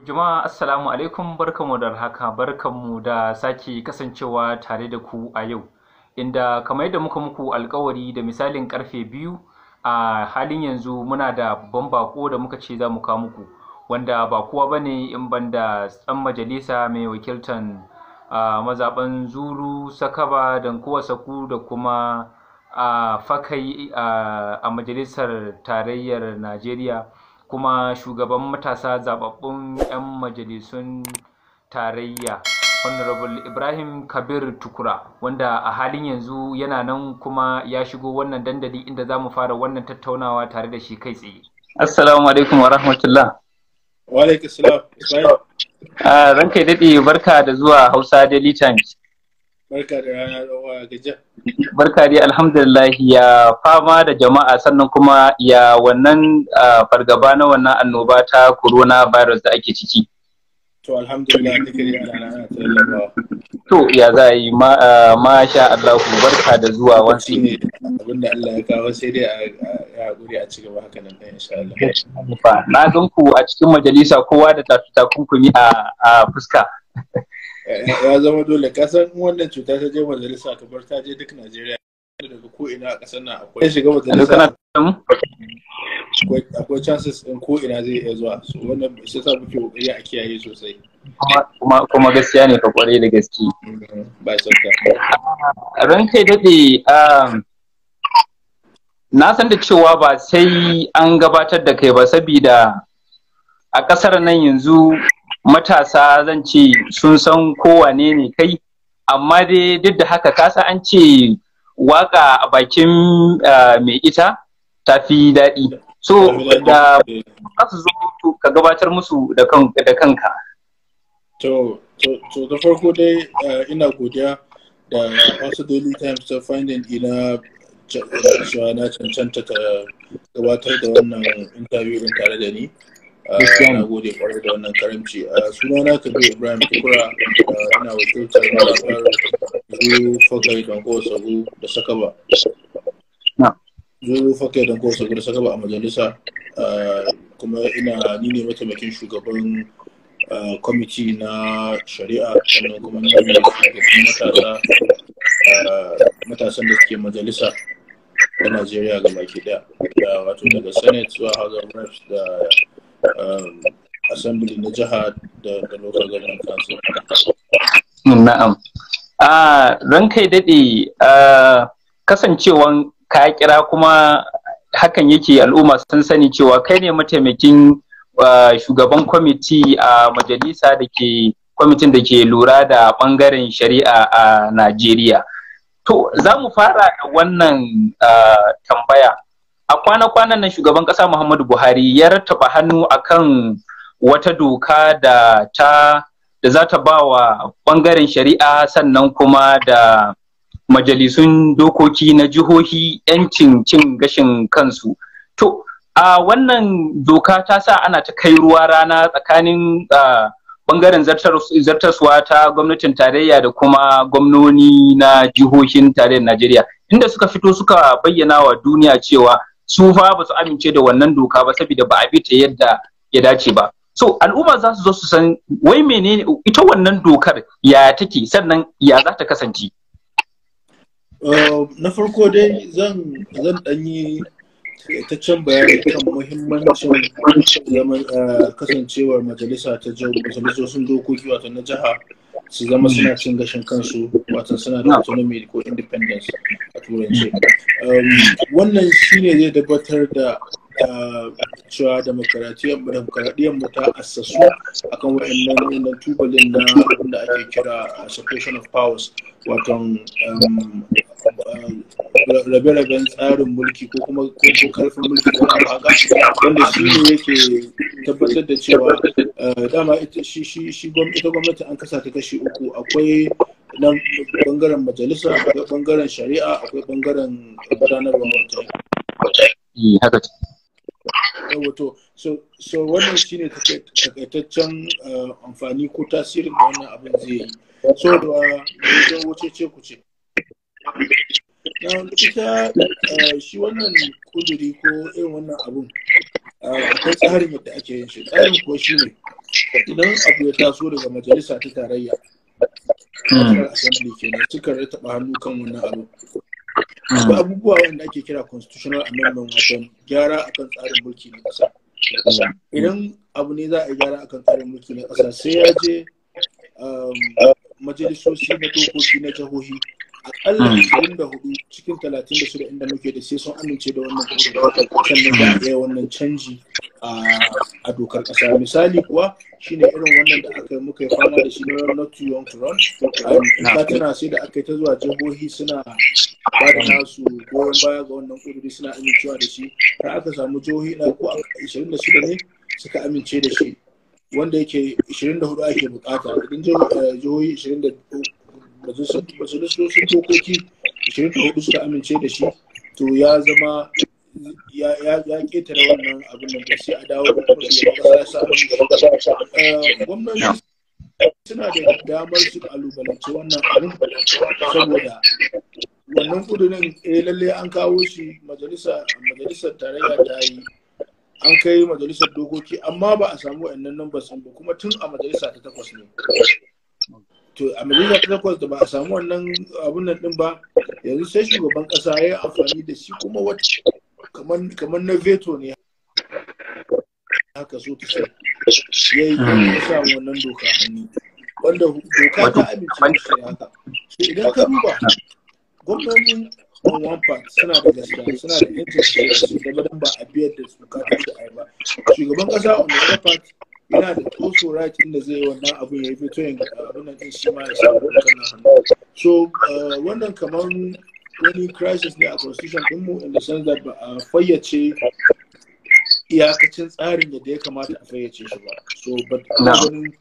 Jama'a assalamu alaikum barkamu da haka barkanmu da sake kasancewa tare da ku a yau inda kamar yadda muka muku alkawari da misalin karfe biyu a halin yanzu muna da babban bako da muka ce za mu kawo muku wanda ba kowa bane ne in da tsan majalisa mai wakiltan mazaban zuru sakaba kowa saku da kuma a fakai a majalisar tarayyar najeriya kuma shugaban matasa zababbun 'yan majalisun tarayya honorable ibrahim kabir tukura wanda a halin yanzu yana nan kuma ya shigo wannan dandali inda za mu fara wannan tattaunawa tare da shi kai tsaye assalamu alaikum wa rahmatullah wa alaikum salam ah, ranka daɗe barka da zuwa hausa daily times Barka da rana rawa gajiya. Barka dai alhamdulillah ya fama da jama'a sannan kuma ya wannan fargaba na wannan annoba ta corona virus da ake ciki. To alhamdulillah nake da rana ta To ya za yi sha Allah barka da zuwa wasu ne abinda Allah ya kawo sai dai a haƙuri a ci gaba haka nan insha Allah. Na ganku a cikin majalisa kowa da takunkumi a fuska. Eh, ya zama dole kasan wannan cuta ta je majalisa kamar ta je duk najeriya daga ko ina a ƙasar nan akwai shiga majalisa akwai chances in ko ina zai iya zuwa so wannan shi sa muke kokari a kiyaye sosai kuma kuma gaskiya ne ka kware da gaske mm-hmm. ba shakka ran kai dade um, na san da cewa ba sai an gabatar da kai ba saboda a ƙasar nan yanzu matasa zan ce sun san kowane ne kai amma dai duk da haka kasa an ce waka a bakin mai ita tafi daɗi so da kasu zo ka gabatar musu da kanka to da farko dai ina godiya da wasu daily times ta finding ina na cancanta ta gabatar da wannan interview tare da ni na gode kwarai da wannan karamci sunana kabir ibrahim tukura uh, ina wakiltar malafar zuwa fakai danko sabu da sakaba zuwa fakai danko sabu da sakaba a majalisa uh, kuma ina ni ne mataimakin shugaban uh, kwamiti na shari'a sannan kuma ni ne matasa matasan da suke majalisa ta najeriya ga baki daya wato daga senate zuwa house of reps da Um, assembly na jiha da local government council na'am ah, ran kai daɗe ah, kasancewan ka kira kuma hakan yake al'umma sun sani cewa kai ne mataimakin ah, shugaban kwamiti a majalisa da ke kwamitin da ke lura da ɓangaren shari'a a najeriya to za mu fara da wannan tambaya a kwana-kwanan nan shugaban ƙasa Muhammadu Buhari ya rattaba hannu akan wata doka da ta da za ta ba wa ɓangaren shari'a sannan kuma da majalisun dokoki na jihohi 'yancin cin gashin kansu. To, a wannan doka ta sa ana ta kai ruwa rana tsakanin ɓangaren zartaswa ta gwamnatin tarayya da kuma gwamnoni na jihohin tarayyar Najeriya, inda suka fito suka bayyana wa duniya cewa su fa ba su amince da wannan doka ba saboda ba a bi ta yadda ya dace ba so al'umma za su zo su san wai menene ita wannan dokar ya take sannan ya za ta kasance uh, na farko dai zan zan dan yi takaitaccen bayani kan muhimmancin uh, kasancewar majalisa ta majalisosin dokoki wato na jiha su zama suna cin gashin kansu watan suna da autonomy ko independence a turance um, wannan shine zai tabbatar da cewa demokaradiyyar mu ta assasu akan wa'annan nan tubalin na da ake kira uh, separation of powers waton um, um, rabe-raben tsarin mulki ko kuma karfin mulki ko haka wanda shi ne yake tabbatar da cewa uh, dama ita gwamnati an kasa ta kashi uku akwai nan bangaren majalisa akwai bangaren shari'a akwai bangaren gudanarwa wata eh, haka wato so wannan shine takaitaccen eh, amfani ko tasirin da wannan abin zai yi so da eh, wajen wuce ce ku ce na ita eh, shi wannan kuduri ko irin wannan abun akwai tsarin yadda ake yin shi tsarin ko shi ne idan abu ya taso daga majalisa ta tarayya hmm. a na, kenan suka taɓa hannu kan wannan abu akwai abubuwa wanda ake kira constitutional amendment wato gyara akan tsarin mulki na ƙasa idan abu ne za a yi gyara akan tsarin mulki na ƙasa sai ya je um, majalisoshi na dokoki na jihohi akalla hmm. ashirin da hudu cikin talatin da shida inda muke da sai sun amince da wannan sannan da a iya wannan canji a dokar ƙasa. misali kuwa shine irin wannan da aka muka fama da shi na not too young to run ba tana sai da aka yi ta zuwa jihohi suna ba da nasu goyon baya ga wannan kuduri suna amincewa da shi har aka samu jihohi na ko ashirin da shida ne suka amince da shi wanda yake hudu ake bukata idan eh, jihohi 24 majalisun dokoki 24 suka amince da shi to ya zama ya ketare wannan abin da shi a dawo da kuma eh, gwamnati suna da damar su kalubalance wannan abin saboda wannan kudurin eh lalle an kawo shi majalisa majalisar tarayya ta yi an kai majalisar dokoki amma ba a samu wa'annan numbers ba kuma tun a majalisa ta takwas ne to a ta takwas da ba a samu wannan abun nan din ba yanzu sai shugaban kasa ya yi amfani da shi kuma wata kamar na veto ne haka so ta sai ya yi samu wannan doka hannu wanda doka ta amince da haka idan ka duba gwamnonin on one part suna da gaskiya suna da su gaba ba a biyar da su kafin su ba shugaban kasa on the other part yana da toso rakin da zai yi wannan abu ya fito yanga abin nan din shi ma ya shafi eh, wannan hannu so wannan kamar wani crisis ne a constitution ɗinmu in the sense that ba a fayyace iyakacin tsarin yadda ya kamata a fayyace shi ba so but ganin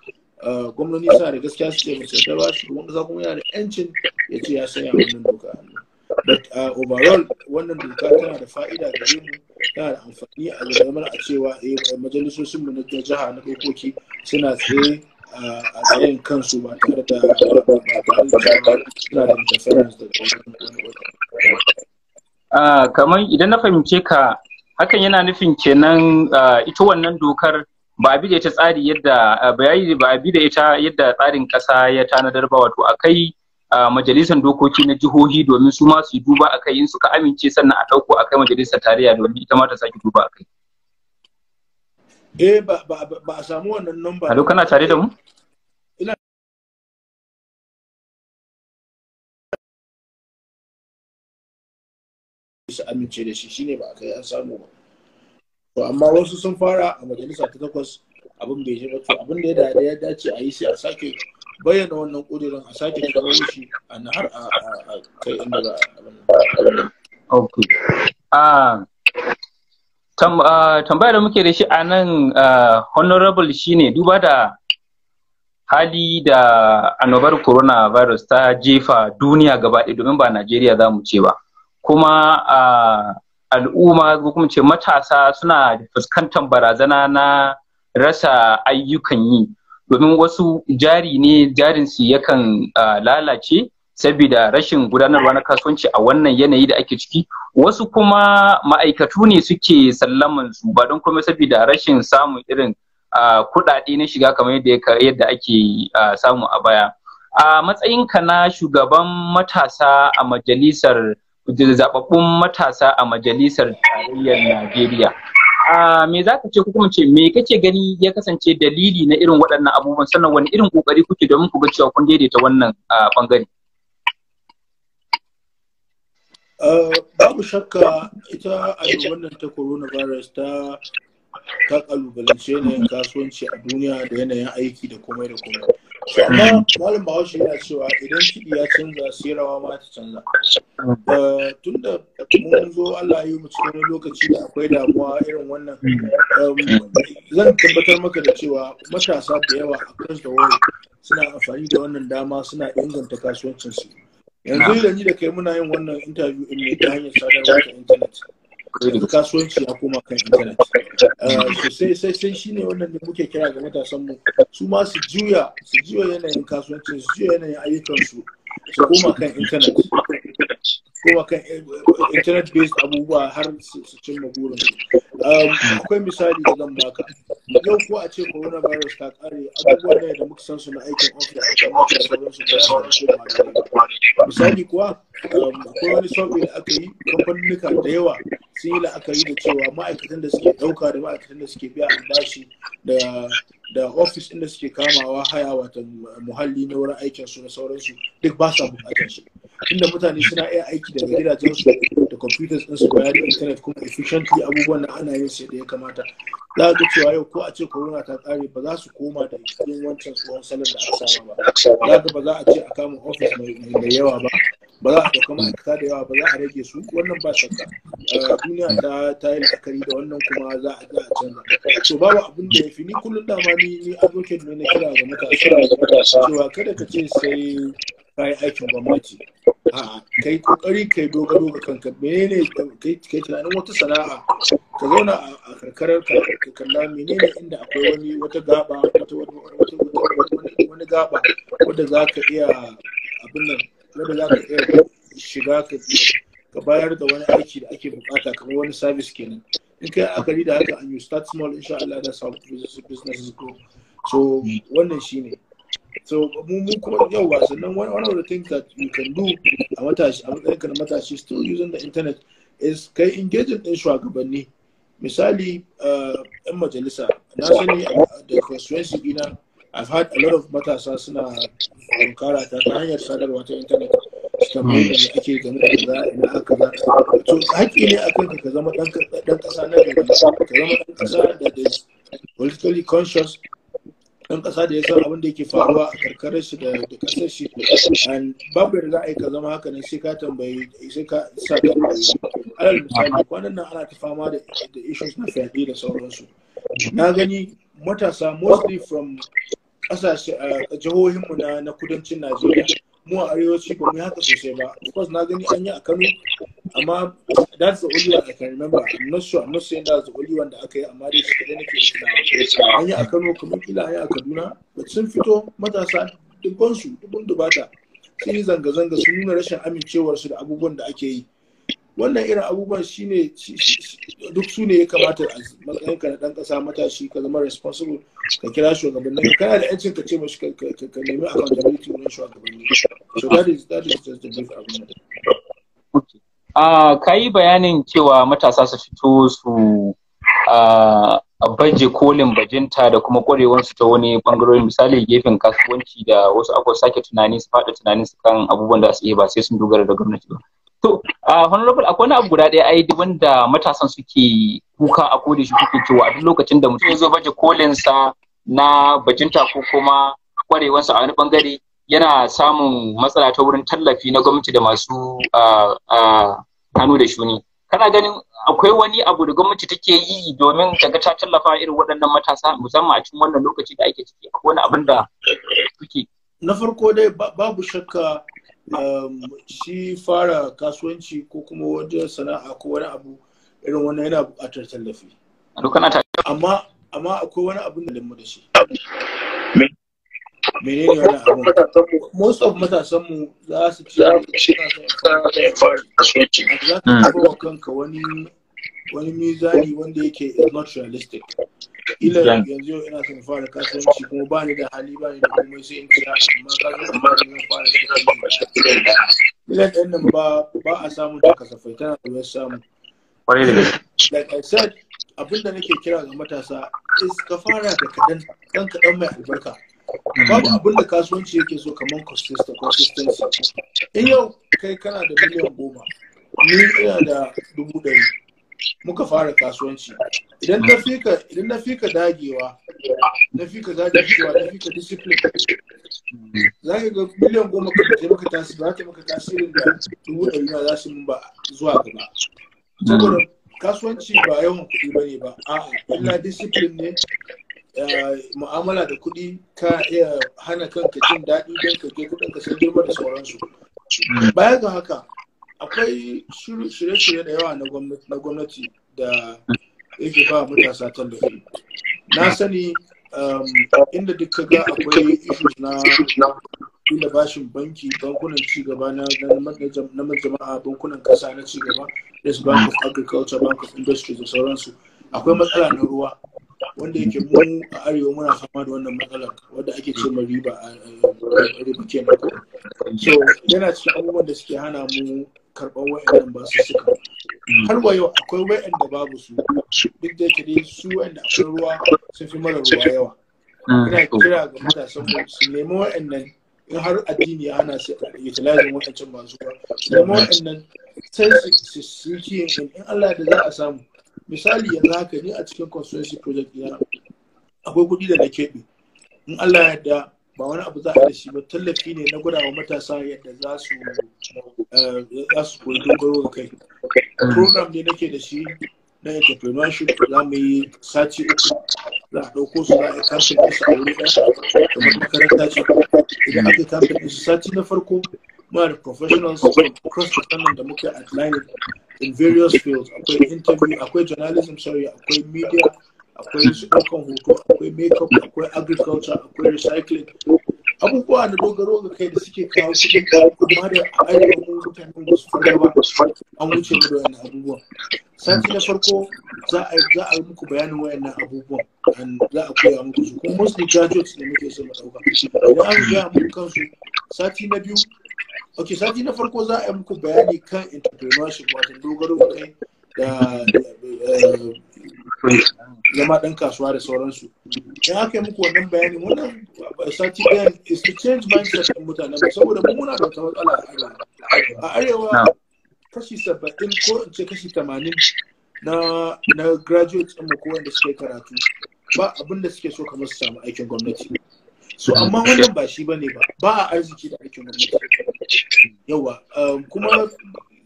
eh, gwamnati sa da gaskiya su ce mace ta ba shi wanda za kuma yana da yancin ya ce ya sanya wannan doka hannu Uh, overall wannan doka tana da fa'ida da mu tana da amfani a zama a cewa eh, majalisosin mu na jiha na kokoki suna tsaye uh, a tsayin kansu ba tare da suna da da wani ah, kamar idan na fahimce ka hakan yana nufin kenan ah, ita wannan dokar ba a bi da ita tsari yadda bayani ah, ba bi da ita yadda tsarin kasa ya tanadar ba wato akai A majalisar dokoki na jihohi domin su ma su duba a kai in suka amince sannan a ɗauko a kai majalisar tarayya domin ita ma ta sake duba a kai. Eh ba a samu wannan namba. Hallo kana tare da mu? su amince da shi shine ba a kai an samu ba. To amma wasu sun fara a majalisa ta takwas abin bai shi ba to abin da ya dace a yi sai a sake bayyana wannan ƙudurin a sake kawo shi a nahar a kai inda za a Okay. Ah, ah, da muke da shi a nan uh, honorable shine duba da hali da annobar coronavirus ta jefa duniya gaba ɗaya domin ba Najeriya za mu ce ba. Kuma a al'umma ko kuma ce matasa suna fuskantar barazana na rasa ayyukan yi. domin wasu jari ne su yakan lalace saboda rashin gudanarwa na kasuwanci a wannan yanayi da ake ciki wasu kuma ma'aikatu ne suke sallaman su ba don kuma saboda rashin samun irin kuɗaɗe na shiga kamar yadda ake samu a baya a matsayinka na shugaban matasa a majalisar zababbun matasa a majalisar tarayyar najeriya me za ka ce ko kuma ce me kake gani ya kasance dalili na irin waɗannan abubuwan sannan wani irin kokari kuke domin ku ga cewa kun daidaita wannan bangare babu shakka ita a wannan ta coronavirus ta ta kalubalance yanayin kasuwanci a duniya da yanayin aiki da komai da komai amma malam bahaushe yana cewa idan kiɗi ya canza sai rawa ma ta canza tun da mun zo Allah yi mu cikin lokaci da akwai damuwa irin wannan um, zan tabbatar maka da cewa matasa da yawa a kan da wani suna amfani da wannan dama suna inganta kasuwancinsu yanzu da ni da kai muna yin wannan interview in ta hanyar sadarwa ta intanet yanzu kasuwanci ya koma kan intanet sosai eh, sai sai shine wannan da muke kira ga matasan mu su ma su juya su juya yanayin kasuwancin su juya yanayin ayyukansu su koma kan intanet koma kan eh, eh, based abubuwa har su cimma burin um, akwai misali da zan baka yau ko a ce coronavirus ta kare abubuwa ne da muka san su na aikin ofis da kamata da sauransu da su ba misali kuwa um, akwai wani sauƙi da aka yi kamfanunuka da yawa sun yi la'akari da cewa ma'aikatan da suke ɗauka da ma'aikatan da suke biya albashi da da ofis inda suke kamawa haya wata muhalli na wurin aikin su na sauransu duk ba sa bukatar su inda mutane suna iya aiki daga gidajen su da computers din su bayan internet kuma efficiently abubuwan na ana yin su da ya kamata za ga cewa yau ko a ce corona ta tsare ba za su koma da cikin wancan tsohon salon da aka saba ba za ga ba za a ce a kama ofis mai yawa ba ba za a ɗauka ma'aikata da yawa ba za a rage su wannan ba shakka eh, duniya ta ta yi la'akari da wannan kuma za a ga a canza to babu abin da ya fi ni kullum dama ni ni abokin ne na kira ga matasa cewa kada ka ce sai yi aikin gwamnati a'a kai kokari kai dogaro ga kanka menene kai kai tunanin wata sana'a ka zauna a karkarar ka ka kalla menene inda akwai wani wata gaba wata wani gaba wanda za iya abin nan wanda za iya shiga ka ka bayar da wani aiki da ake bukata kamar wani service kenan in kai akari da haka and you start small insha Allah that's how businesses grow so wannan shine So mu kuma yauwa sannan one of the things that you can do a matashi a matsayin kan matashi still using the internet is kai engaging din shugabanni. Misali eh, yan majalisa na sani da constituency dina I've had a lot of matasa suna hankara ta ta hanyar sadarwa ta internet su mai da ake game da kaza ina aka za to haƙi ne akan ka ka zama ɗan ƙasa na gari ka zama ɗan ƙasa da is politically conscious dan kasa da ya san abin da yake faruwa a karkarar shi da da kasar shi and babu yadda za a yi ka zama haka nan sai ka tambayi sai ka sa ka alal misali kwanan nan ana ta fama da da issues na fyaɗe da sauransu na gani matasa mostly from kasashe jihohinmu na na kudancin Najeriya mu a arewaci ba mu haka sosai ba kwas na gani an yi a Kano amma that's the only one I can remember I'm not sure I'm not saying that's the only one da aka yi amma dai shi kadai nake tunawa an yi a Kano kamar kila ya a Kaduna sun fito matasa dubban su dubban dubata sun yi zanga-zanga sun nuna rashin amincewarsu da abubuwan da ake yi wannan irin abubuwan shi ne duk su ne ya kamata a ka na ɗan ƙasa matashi ka zama responsible ka kira ka kana da yancin ka ce mashi ka nemi accountability wurin shugabanni so that is that is just the brief abin Uh, ka yi bayanin cewa matasa su fito su baje kolin bajinta da kuma kwarewansu ta wani bangarori misali gefen kasuwanci da wasu akwai sake tunani su faɗa tunani su kan abubuwan da su iya ba sai sun dogara da gwamnati ba. To, honorable akwai wani abu guda ɗaya ai wanda matasan suke kuka a koda shi kuke cewa a duk lokacin da mutum ya zo baje kolin sa na bajinta ko kuma kwarewansa a wani bangare yana samun matsala ta wurin tallafi na gwamnati da masu hannu da shuni. Kana ganin akwai wani abu da gwamnati take yi domin ga ta tallafa irin waɗannan matasa musamman a cikin wannan lokaci da ake ciki akwai wani abin da suke. Na farko dai babu shakka Um, shi fara kasuwanci ko kuma wajen sana'a ko wani abu irin wannan yana buƙatar tallafi amma amma akwai wani abu da limu da shi ne wani abu? most of matasan za su ci za ka kanka wani wani mizani wanda yake not realistic ila yanzu ina son fara kasuwanci kuma ba ni da hali ba ni da komai sai in kira amma kasuwanci ba ni fara ila ɗan nan ba ba a samun ta kasafai tana da wani samu like I said abin da nake kira ga matasa is ka fara da kaɗan ɗan mai albarka babu abin da kasuwanci yake so kamar consistency in yau kai kana da miliyan goma ni ina da dubu ɗari muka fara kasuwanci idan na fika idan na fika dagewa na fika dagewa na fika discipline za ka ga miliyan goma ka ta maka tasiri za ka maka tasirin da dubu ɗari ma za su ba zuwa gaba saboda kasuwanci ba yawan kuɗi ba ne ba a'a illa discipline ne eh, mu'amala da kuɗi ka iya hana kanka jin daɗi don ka je kuɗin ka sai girma da sauransu baya ga haka akwai shirye-shirye da yawa na gwamnati da yake ba matasa tallafi na sani um, inda duk ka ga akwai issues na inda bashin banki bankunan cigaba na majama'a, bankunan kasa na cigaba yes bank of agriculture bank of industry da sauransu akwai matsala na ruwa wanda yake mu a arewa muna fama da wannan matsalar wadda ake ce ma riba a riba kenan so yana cikin abubuwan da suke hana mu karɓar wa'annan ba su suka har wa yau akwai wa'anda babu su duk da yake dai su wa'anda akwai ruwa sun fi mara ruwa yawa ina ah, kira ga matasan mu su nemi wa'annan in har addini ya hana su utilizing wa'ancan ba su ba su nemi wa'annan sai su su yi in Allah da za a samu misali yanzu haka ni a cikin constituency project ya? akwai kuɗi da na keɓe in Allah ya yarda ba wani abu za a da shi ba tallafi ne na gwada wa matasa yadda za su eh, za su koyi dogaro ga kai program ne nake da shi na entrepreneurship za mu yi sati uku za a ɗauko su za a yi kamfin su a wuri ɗaya da makaranta ce idan aka kamfin su sati na farko muna da professionals across the country da muke outlining in various fields akwai interview akwai journalism sorry akwai media akwai su ɗaukan hoto akwai makeup akwai agriculture akwai recycling abubuwa da dogaro ga kai da suke kawo cikin kuma da ayyukan mutanen da su fara ba an wuce da wayannan abubuwa. sati na farko za a za a muku bayanin wayannan abubuwan za a koya muku su kuma mostly graduates ne muke so mu dauka da an ga muku kansu sati na biyu ok sati na farko za a yi muku bayani kan entrepreneurship wato dogaro ga kai da eh, zama ɗan kasuwa da sauransu in aka yi muku wannan bayani wannan sati ɗayan is to change mindset ɗin mutane saboda mu muna da wata matsala a arewa a arewa kashi saba'in ko in ce kashi tamanin na na graduate ɗin ko wanda suke karatu ba abin suke so kamar su samu aikin gwamnati so amma wannan ba shi bane ba ba a arziki da aikin gwamnati yawa um, kuma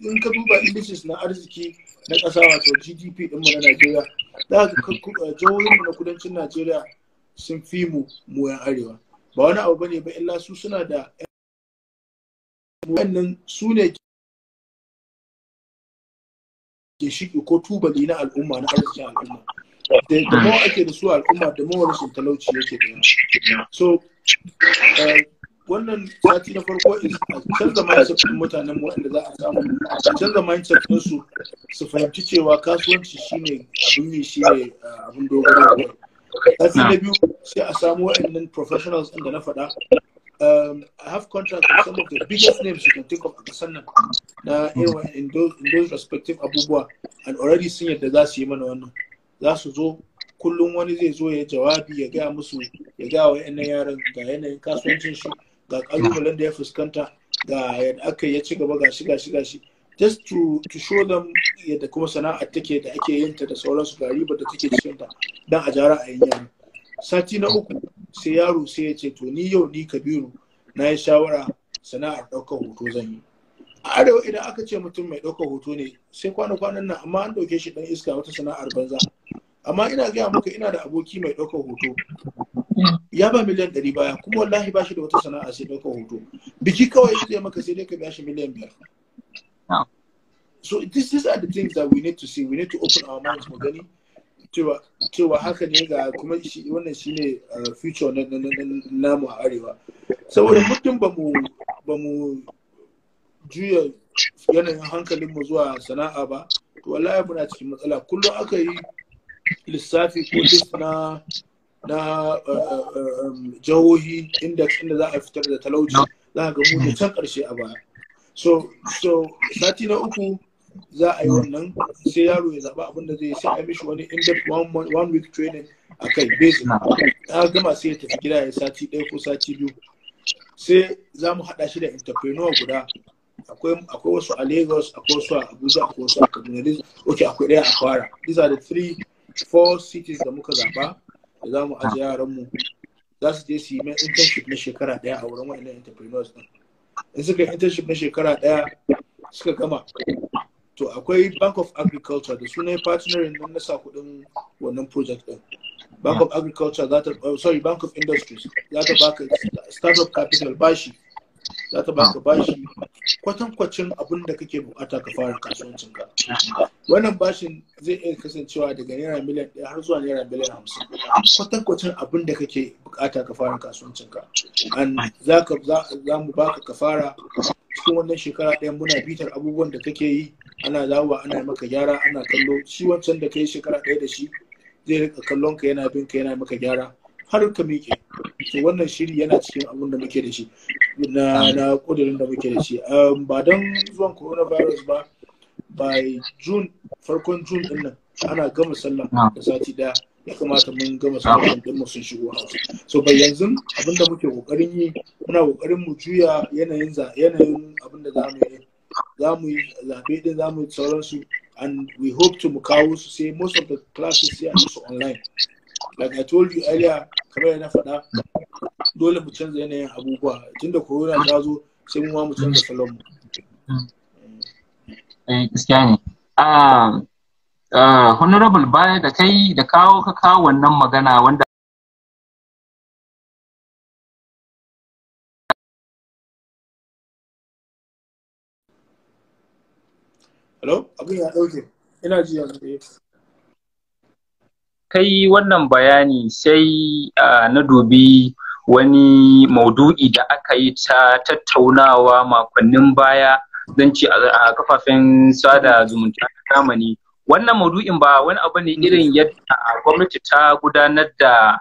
in ka duba indices na arziki na ƙasa wato gdp ɗin mu na najeriya za ka eh, jihohinmu na kudancin najeriya sun fi mu mu arewa ba wani abu bane ba illa su suna da wannan su ne ke shiki ko tubali na al'umma na arzikin al'umma da mawa ake da su al'umma da mawa talauci yake da so eh, wannan sati na farko a canza mindset mutanen mu wanda za a samu a canza mindset ɗin su su fahimci cewa kasuwanci shine abin yi ne ah, abin dogaro sati na biyu sai a samu waɗannan professionals ɗin da na faɗa Um, I have contracts with some of the biggest names you can think of a na in in those respective abubuwa and already sun yadda za su yi mana wannan za su zo kullum wani zai zo ya jawabi ya gaya musu ya gaya wa yaran ga yanayin kasuwancin shi ga kalubalen da ya fuskanta ga yadda aka ya ci gaba gashi gashi gashi just to, to show them yadda kuma sana'ar take da ake yin ta da sauransu ga ribar da take cikin ta dan a jara a yin sati na uku sai yaro sai ya ce to ni yau ni kabiru na yi shawara sana'ar ɗaukar hoto zan yi a arewa idan aka ce mutum mai ɗaukar hoto ne sai kwana-kwanan nan amma an ɗauke shi dan iska wata sana'ar banza amma ina gaya maka ina da aboki mai ɗaukar hoto ya ba miliyan ɗari baya kuma wallahi ba shi da wata sana'a sai ɗaukar hoto biki kawai zai maka sai dai ka biya shi miliyan biyar so this is are the things that we need to see we need to open our minds mu gani cewa cewa haka ne ga kuma shi wannan shine uh, future na mu a arewa saboda mutum ba mu ba mu juya yanayin hankalin mu zuwa sana'a ba to wallahi muna cikin matsala kullum aka yi lissafi ko na na eh, eh, eh, jihohi inda inda za a fitar da talauci za a ga mu can karshe a baya so so sati na uku za a yi wannan sai yaro ya zaba abin da zai sai a mishi wani in-depth one week training a kai basic ya gama sai ya tafi gida ya sati ɗaya ko sati biyu sai za mu haɗa shi da entrepreneur guda akwai wasu a lagos akwai wasu a abuja akwai wasu a kaduna ok akwai ɗaya a kwara these are the three four cities da muka zaba da za mu aje yaranmu za su je su yi mai internship na shekara ɗaya a wurin wa'annan entrepreneurs din in suka internship na shekara ɗaya suka gama to akwai bank of agriculture da sunan partnering din na sa kuɗin wannan project ɗin bank of agriculture za ta oh, sorry bank of industries za ta baka startup capital bashi za ka baka bashi kwatankwacin abin da kake bukata ka fara kasuwancin ka wannan bashin zai iya kasancewa daga naira miliyan ɗaya har zuwa naira miliyan hamsin kwatankwacin abin da kake bukata ka fara kasuwancin ka za ka za mu baka ka fara cikin wannan shekara ɗaya muna bitar abubuwan da kake yi ana dawowa ana maka gyara ana kallo shi wancan da ka yi shekara ɗaya da shi zai rika kallon ka yana bin ka yana maka gyara har ka miƙe to wannan shiri yana cikin abin da muke da shi na na kudirin da muke da shi ba don zuwan coronavirus ba by june farkon june din nan ana gama sallah da sati ɗaya, ya kamata mun gama sallah din mu sun shigo hausa so bai yanzu abin da muke kokarin yi muna kokarin mu juya yanayin yanayin abin da za mu yi za mu yi zaɓe din za mu yi sauransu and we hope to mu kawo su sai most of the classes sai a online like I told you earlier kamar na faɗa dole mu canza yanayin abubuwa tunda corona ta zo sai mu mu canza salon mu eh, gaskiya ne ah, ah, honorable baya da kai da kawo ka kawo wannan magana wanda Hello? Abin ya ɗauke. Ina ji yanzu. kai wannan bayani sai na dubi wani maudu'i da aka yi ta tattaunawa makonnin baya zan ci a kafafen sada zumunta zamani wannan maudu'in ba wani abu ne irin yadda gwamnati ta gudanar da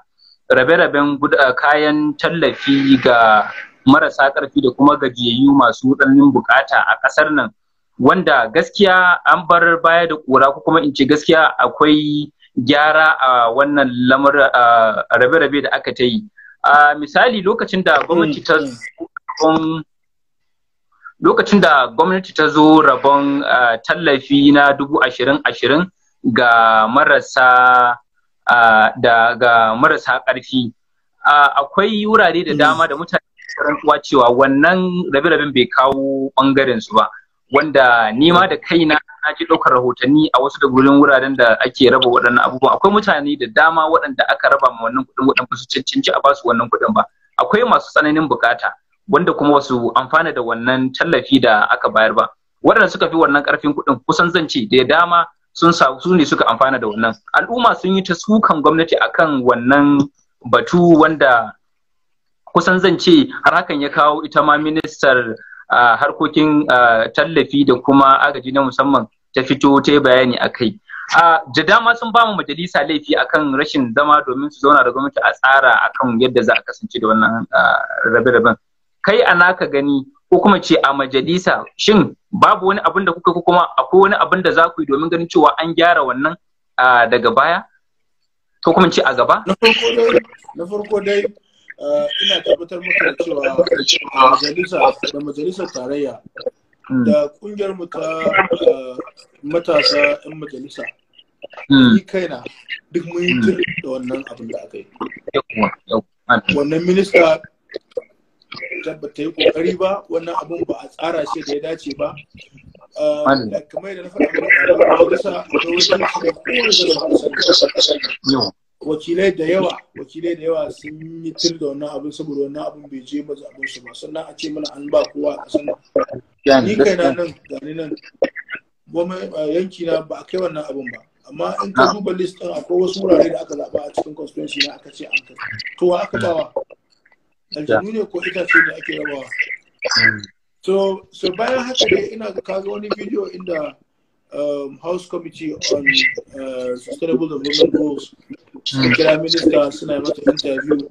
rabe-raben kayan tallafi ga marasa ƙarfi da kuma gajiyayyu masu tsananin bukata a ƙasar nan wanda gaskiya an bar baya da ƙura ko kuma in ce gaskiya akwai gyara a wannan lamar rabe-rabe da aka ta yi misali mm, mm. lokacin da gwamnati ta zo rabon tallafi na dubu ashirin ashirin ga marasa da ga marasa ƙarfi akwai wurare da mm. dama da mutane rantsuwa cewa wannan rabe-raben bai kawo ɓangarensu ba wanda nima da kaina na ji ɗaukar rahotanni a wasu da gurin wuraren da ake raba waɗannan abubuwan akwai mutane da dama waɗanda aka raba ma wannan kuɗin waɗanda su cancanci a basu wannan kuɗin ba akwai masu tsananin bukata wanda kuma wasu amfana da wannan tallafi da aka bayar ba waɗanda suka fi wannan ƙarfin kuɗin kusan zan ce da dama sun sa su ne suka amfana da wannan al'umma sun yi ta sukan gwamnati akan wannan batu wanda kusan zan ce har hakan ya kawo ita ma ministar harkokin tallafi da kuma agaji na musamman ta fito ta yi bayani a kai. Da dama sun ba mu majalisa laifi akan rashin zama domin su zauna da gwamnati a tsara akan yadda za a kasance da wannan rabe-raben. Kai a naka gani ko kuma ce a majalisa shin babu wani abin da kuka ko kuma akwai wani abin da za ku yi domin ganin cewa an gyara wannan daga baya? Ko kuma ce a gaba? Na farko dai, Eh, ina tabbatar muku da cewa eh, majalisa da majalisar tarayya hmm. da kungiyar mu ta eh, matasa 'yan majalisa hmm. ni kaina duk mun yi da wannan abin da aka yi wannan minista tabbata yi kokari ba wannan abin ba a tsara shi da ya dace ba kamar yadda na faɗa ba a bisa da wasu da kowane da wakilai da yawa wakilai da yawa sun yi tir da wannan abin saboda wannan abin bai je ba zaɓen su ba sannan a ce mana an ba kowa a ƙasan ni kai na nan gani nan goma yanki na ba a kai wannan abin ba amma in ka ah. duba list ɗin akwai wasu wurare da aka zaɓa a cikin constituency na aka ce an kai to wa aka bawa aljanu ne ko itace ne ake rabawa hmm. so so bayan haka dai ina ga kaga wani bidiyo inda um, House Committee on uh, Sustainable Development Goals. Kira minista suna mata interview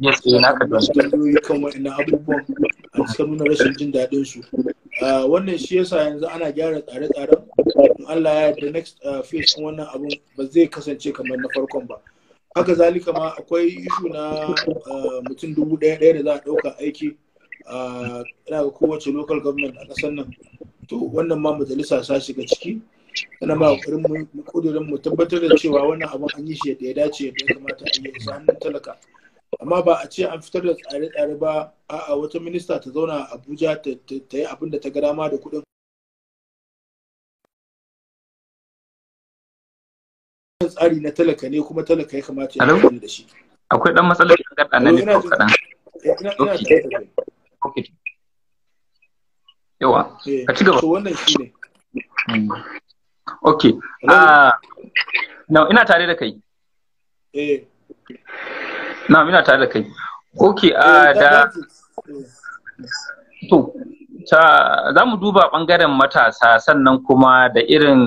masu tambayoyi kan wa'annan abubuwan a cikin nuna rashin jin daɗin su. Uh, wannan shi yasa yanzu ana gyara tsare-tsaren Allah ya yarda next uh, phase wannan abun ba zai kasance kamar na farkon ba. Haka zalika ma akwai ishu na uh, mutum dubu ɗaya ɗaya da za a ɗauka aiki a kowace local government a ƙasar nan to wannan ma majalisa sa shiga ciki ana ma kokarin mu kudurin mu tabbatar da cewa wannan abin an yi shi yadda ya dace yadda ya kamata a yi hannun talaka amma ba a ce an fitar da tsare-tsare ba a'a wata minista ta zauna a abuja ta yi abin da ta gara ma da kuɗin tsari na talaka ne kuma talaka ya kamata ya yi da shi akwai dan matsalar shigar nan ne ko kaɗan eh, yawa eh, ka ci gaba hmm. ah, ina tare da kai eh. za mu duba bangaren matasa sannan kuma da irin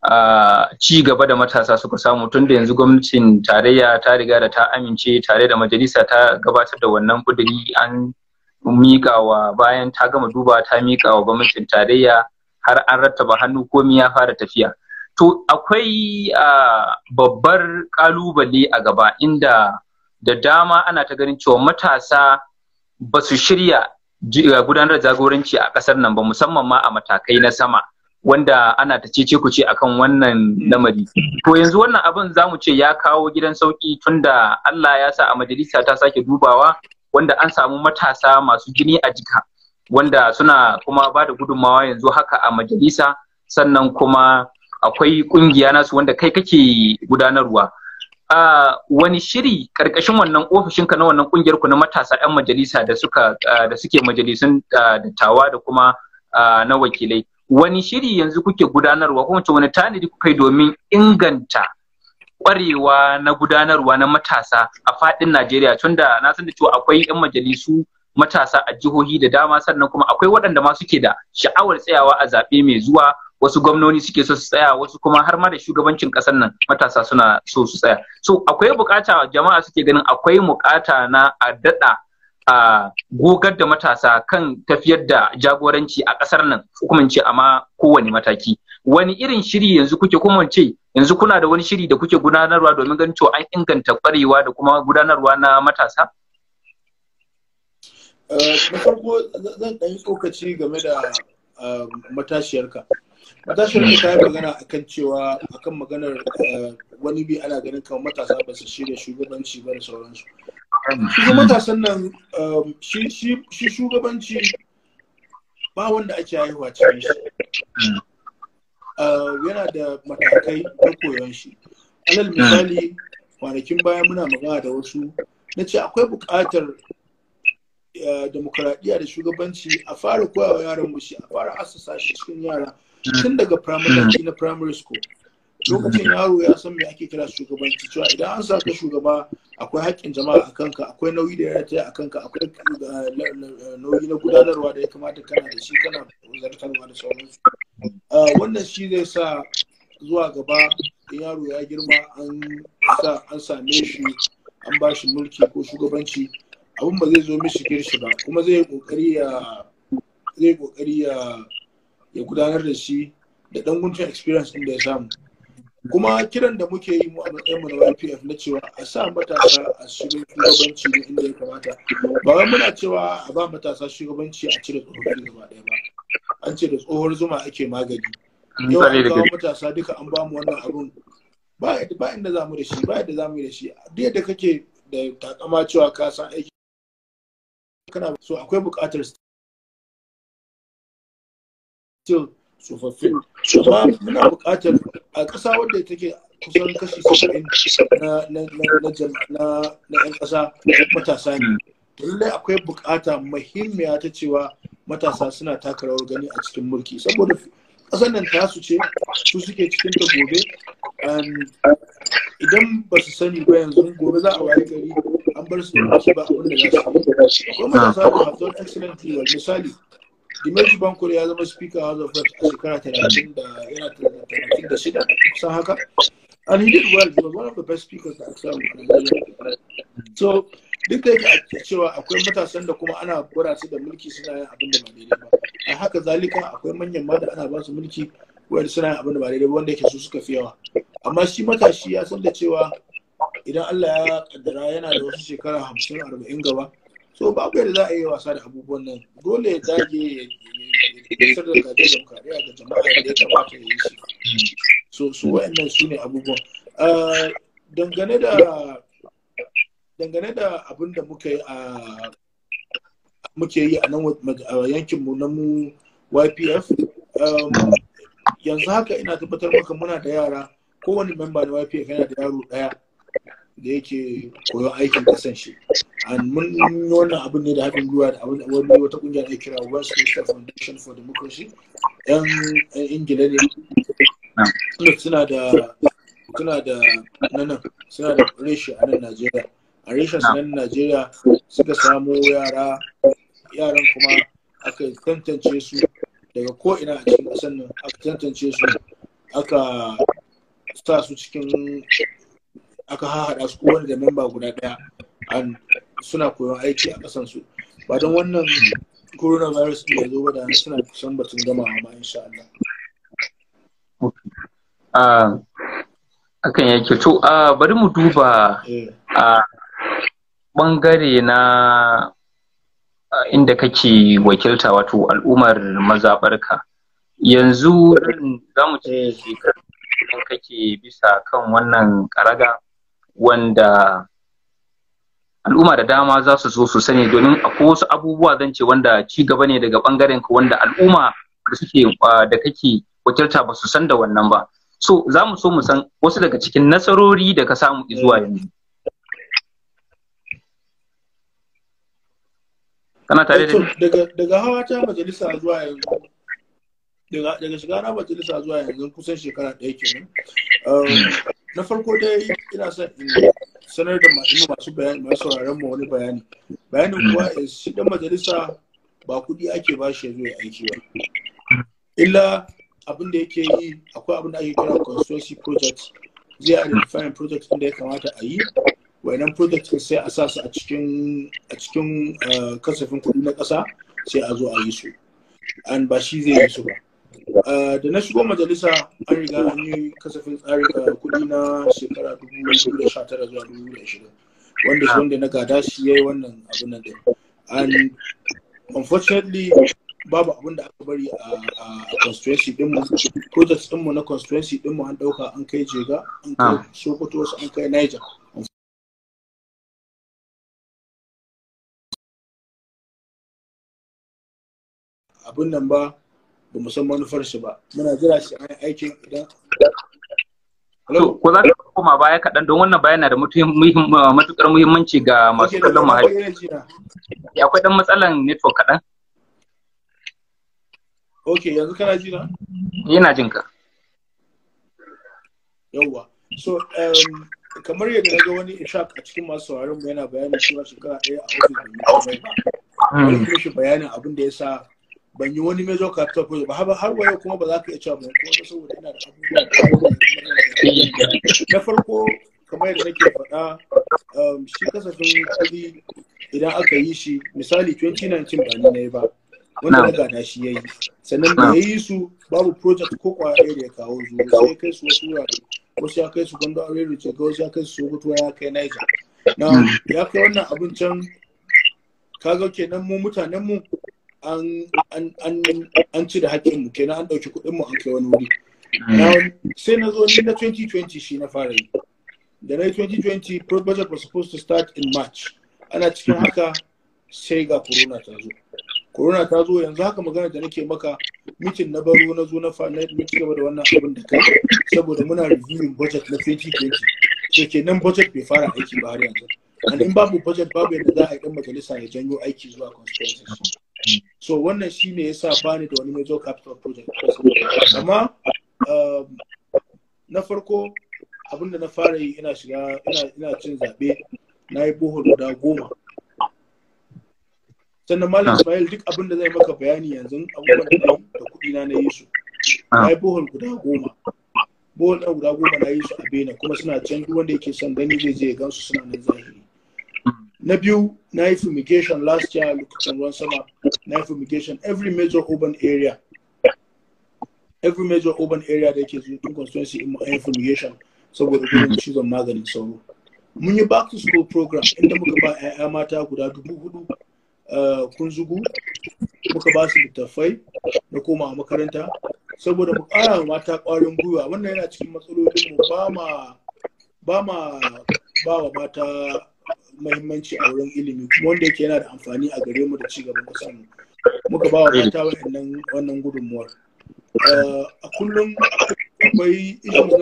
ah, ci gaba da matasa suka samu tun da yanzu gwamnatin tarayya ta riga da ta amince tare da majalisa ta gabatar da wannan kudiri an miƙawa bayan ta gama duba ta miƙawa gwamnatin tarayya har an rattaba hannu komi ya fara tafiya to akwai babbar ƙalubale a gaba inda da dama ana ta ganin cewa matasa ba su shirya gudanar da jagoranci a ƙasar nan ba musamman ma a matakai na sama wanda ana ta cece ku ce akan wannan lamari to yanzu wannan abin za mu ce ya kawo gidan sauki tunda Allah ya sa a majalisa ta sake dubawa wanda an samu matasa masu jini a jika wanda suna kuma ba da gudunmawa yanzu haka a majalisa sannan kuma akwai kungiya nasu wanda kai kake gudanarwa a wani shiri karkashin wannan ofishinka na wannan kungiyar ku na matasa 'yan majalisa da suka da suke majalisun dattawa da kuma na wakilai wani shiri yanzu kuke gudanarwa kuma wani tanadi kuka yi domin inganta kwarewa na gudanarwa na matasa a fadin Najeriya tunda na san da cewa akwai 'yan majalisu matasa a jihohi da dama sannan kuma akwai waɗanda ma suke da sha'awar tsayawa a zaɓe mai zuwa wasu gwamnoni suke so su tsaya wasu kuma har ma da shugabancin ƙasar nan matasa suna so su tsaya so akwai bukata jama'a suke ganin akwai bukata na a daɗa a gogar da matasa kan tafiyar da jagoranci a ƙasar nan hukumance amma kowane mataki wani irin shiri yanzu kuke kuma ce yanzu kuna da wani shiri da kuke gudanarwa domin ganin cewa an inganta kwarewa da kuma gudanarwa na matasa? Eh, na farko zan ɗan tsokaci game da eh, matashiyarka. Matashiyarka ta yi magana a kan cewa a kan maganar eh, wani bi ana ganin kan matasa ba su shirya shugabanci ba da sauransu. Shi matasan nan shi shugabanci ba wanda ake haihuwa cikin shi. Eh, yana da matakai na koyon shi alal misali kwanakin baya muna magana da wasu na ce akwai buƙatar eh, demokuraɗiyya da shugabanci a fara koyawa yaran mu a fara asasa shi cikin yara tun daga primary na primary school lokacin yaro ya san me ake kira shugabanci cewa idan an sa ka shugaba akwai haƙƙin jama'a a kanka akwai nauyi da ya rataya a kanka akwai eh, eh, nauyi na gudanarwa da ya kamata kana da shi kana zartarwa da sauransu ah, wannan shi zai sa zuwa gaba yaro ya girma an same shi an ba shi mulki ko shugabanci abin ba zai zo mishi kirshi ba kuma zai kokari ya ya gudanar da shi da ɗan guntun experience din da ya samu kuma kiran da muke yi mu a matsayin mu na YPF na cewa a sa matasa a shirin shugabanci ne inda ya kamata ba wai muna cewa a ba matasa shugabanci a cire tsohon gaba ɗaya ba an ce da tsohon zuma ake magani yau an kawo matasa duka an ba mu wannan abun ba inda za mu da shi ba inda za mu da shi duk yadda kake da takama cewa ka san aiki kana so akwai buƙatar still tsofaffin amma muna buƙatar a ƙasa wadda take kusan kashi saba'in na 'yan ƙasa matasa ne lallai akwai buƙata muhimmiya ta cewa matasa suna taka rawar gani a cikin mulki saboda ƙasar nan su ce su suke cikin ta gobe idan ba su sani ba yanzu gobe za a waye gari an bar su da ba abin da za su yi akwai matasa da hatsar excellently misali Dimitri Bankur ya zama speaker House of Reps a shekara talatin da yana da shida kusan haka. And he did well, he was one of the best speakers da aka So duk da yake cewa akwai matasan da kuma ana gwada su da mulki suna yin abin da ba daidai ba. A haka zalika akwai manyan ma da ana ba su mulki wanda suna yin abin da ba daidai ba wanda yake su suka fi yawa. Amma shi matashi ya san da cewa idan Allah ya kaddara yana da wasu shekara hamsin arba'in gaba. so babu yadda za a yi wasa da abubuwan nan dole ya dage ya da kaji da kariya ga jama'a da ya kamata ya yi shi so su su ne abubuwan ah, dangane da abin da muka yi a muke yi a nan yankin mu na mu YPF um, yanzu haka ina tabbatar maka muna da yara kowane memba na YPF yana da yaro daya da yake koyon aikin kasan shi mun wannan abin ne da haɗin gwiwa da abin wani wata kungiya da kira West Coast Foundation for Democracy yan Ingila ne suna da suna da nanan suna da reshe a nan Najeriya a reshen su nan Najeriya suka samo yara yaran kuma aka tantance su daga ko ina a cikin ƙasar nan aka tantance su aka sa su cikin aka haɗa su kowane da memba guda ɗaya an suna koyon aiki a ƙasan su ba don wannan coronavirus ne ya zo ba da suna kusan batun gama ma insha Allah. Ah, akan yake to ah, bari mu duba eh. a ah, bangare na inda kake wakilta wato al'ummar mazaɓarka yanzu eh. za mu ce eh. shekaru kake bisa kan wannan ƙaraga. wanda al'umma da dama za su so su sani domin akwai wasu abubuwa zan ce wanda ci gaba ne daga bangaren ka wanda al'umma da suke da kake wakilta ba su san da wannan ba so za mu so mu san wasu daga cikin nasarori da ka samu zuwa yanzu kana tare da eh, daga daga hawa ta majalisa zuwa yanzu daga daga shiga na majalisa zuwa yanzu kusan shekara ɗaya kenan um, na farko dai ina son in sanar da masu bayani masu sauraron mu wani bayani bayanin kuwa shi dan majalisa ba kuɗi ake ba shi ya aiki ba illa abin da yake yi akwai abin da ake kira constituency project zai identify project da ya kamata a yi wayannan project sai a sa su a cikin a cikin eh, kasafin kuɗi na kasa sai a zo a yi su an ba shi zai yi su ba Eh, da na shigo majalisa an riga an yi kasafin tsari da eh, kudi na shekara 2019 zuwa 2020 wanda shi wanda na gada shi ya yi wannan abin nan and unfortunately babu abin da aka bari a constituency Kodas din mu na constituency mu an ɗauka an kai jega an kai ah. sokoto wasu an kai niger abin nan ba ba mu san shi ba muna jira shi an aikin idan ko za ka koma baya kaɗan don wannan bayana da matuƙar muhimmanci ga masu kallon mahaifi akwai ɗan matsalan network kaɗan ok yanzu kana jina yana jin ka yawwa so kamar yadda na ga wani ishaq a cikin masu sauraron mu yana bayanin cewa shekara ɗaya a wajen da mai ba wani hmm. shi bayanin abin da ya sa ban yi wani major capital project ba har wayo kuma ba za ka iya cewa mun kuma saboda ina da abubuwan na farko kamar yadda nake faɗa um, shi kasafin kuɗi idan aka yi shi misali 2019 ba ni na yi ba wanda na gada shi ya yi sannan da ya yi su babu project ko kwaya ɗaya da ya kawo su sai kai su wasu wurare wasu ya kai su gondo a rere ce wasu ya kai su sokoto ya kai niger na ya kai wannan abin can kaga nan mu mutanen mu an ci da haƙƙin mu kenan an ɗauki kuɗin mu an kai wani wuri hmm. sai na zo ni na 2020 shi na fara yi da na 2020 pro budget was supposed to start in march ana cikin hmm. haka sai ga corona ta zo corona ta zo yanzu haka magana da nake maka mitin na baro na zo na fa na ci gaba da wannan abin da kai saboda muna reviewing budget na 2020 sai kenan budget bai fara aiki ba har yanzu an in babu budget babu yadda za a yi dan majalisa ya janyo aiki zuwa constituency so wannan shi ne yasa ba ni da wani major capital project amma um, na farko abin da na fara yi ina shiga ina cin zaɓe na yi bohol guda goma sannan malam ah. ismail duk abin da zai maka bayani yanzu abubuwan da da kuɗi na na yi su ah. na yi bohol guda goma bohol na guda goma na yi su a bena kuma suna can duk wanda yake son gani zai je ya gansu suna nan zahiri na biyu na yi fumigation last year lokacin ruwan sama na yi fumigation every major urban area every major urban area da ke zuwa constituency in ma'ayin fumigation saboda gudun cizon maganin sauro mun yi back to school program inda muka ba 'ya'ya mata guda dubu hudu eh, kun zugu muka ba su littattafai na koma makaranta saboda mu ƙara mata kwarin gwiwa wannan yana cikin matsalolin mu ba ma ba ma ba wa mata muhimmanci a wurin ilimi wanda yake yana da amfani a gare mu da ci gaban kasar mu muka ba wa mata wannan wannan gudunmuwar eh, a kullum akwai issues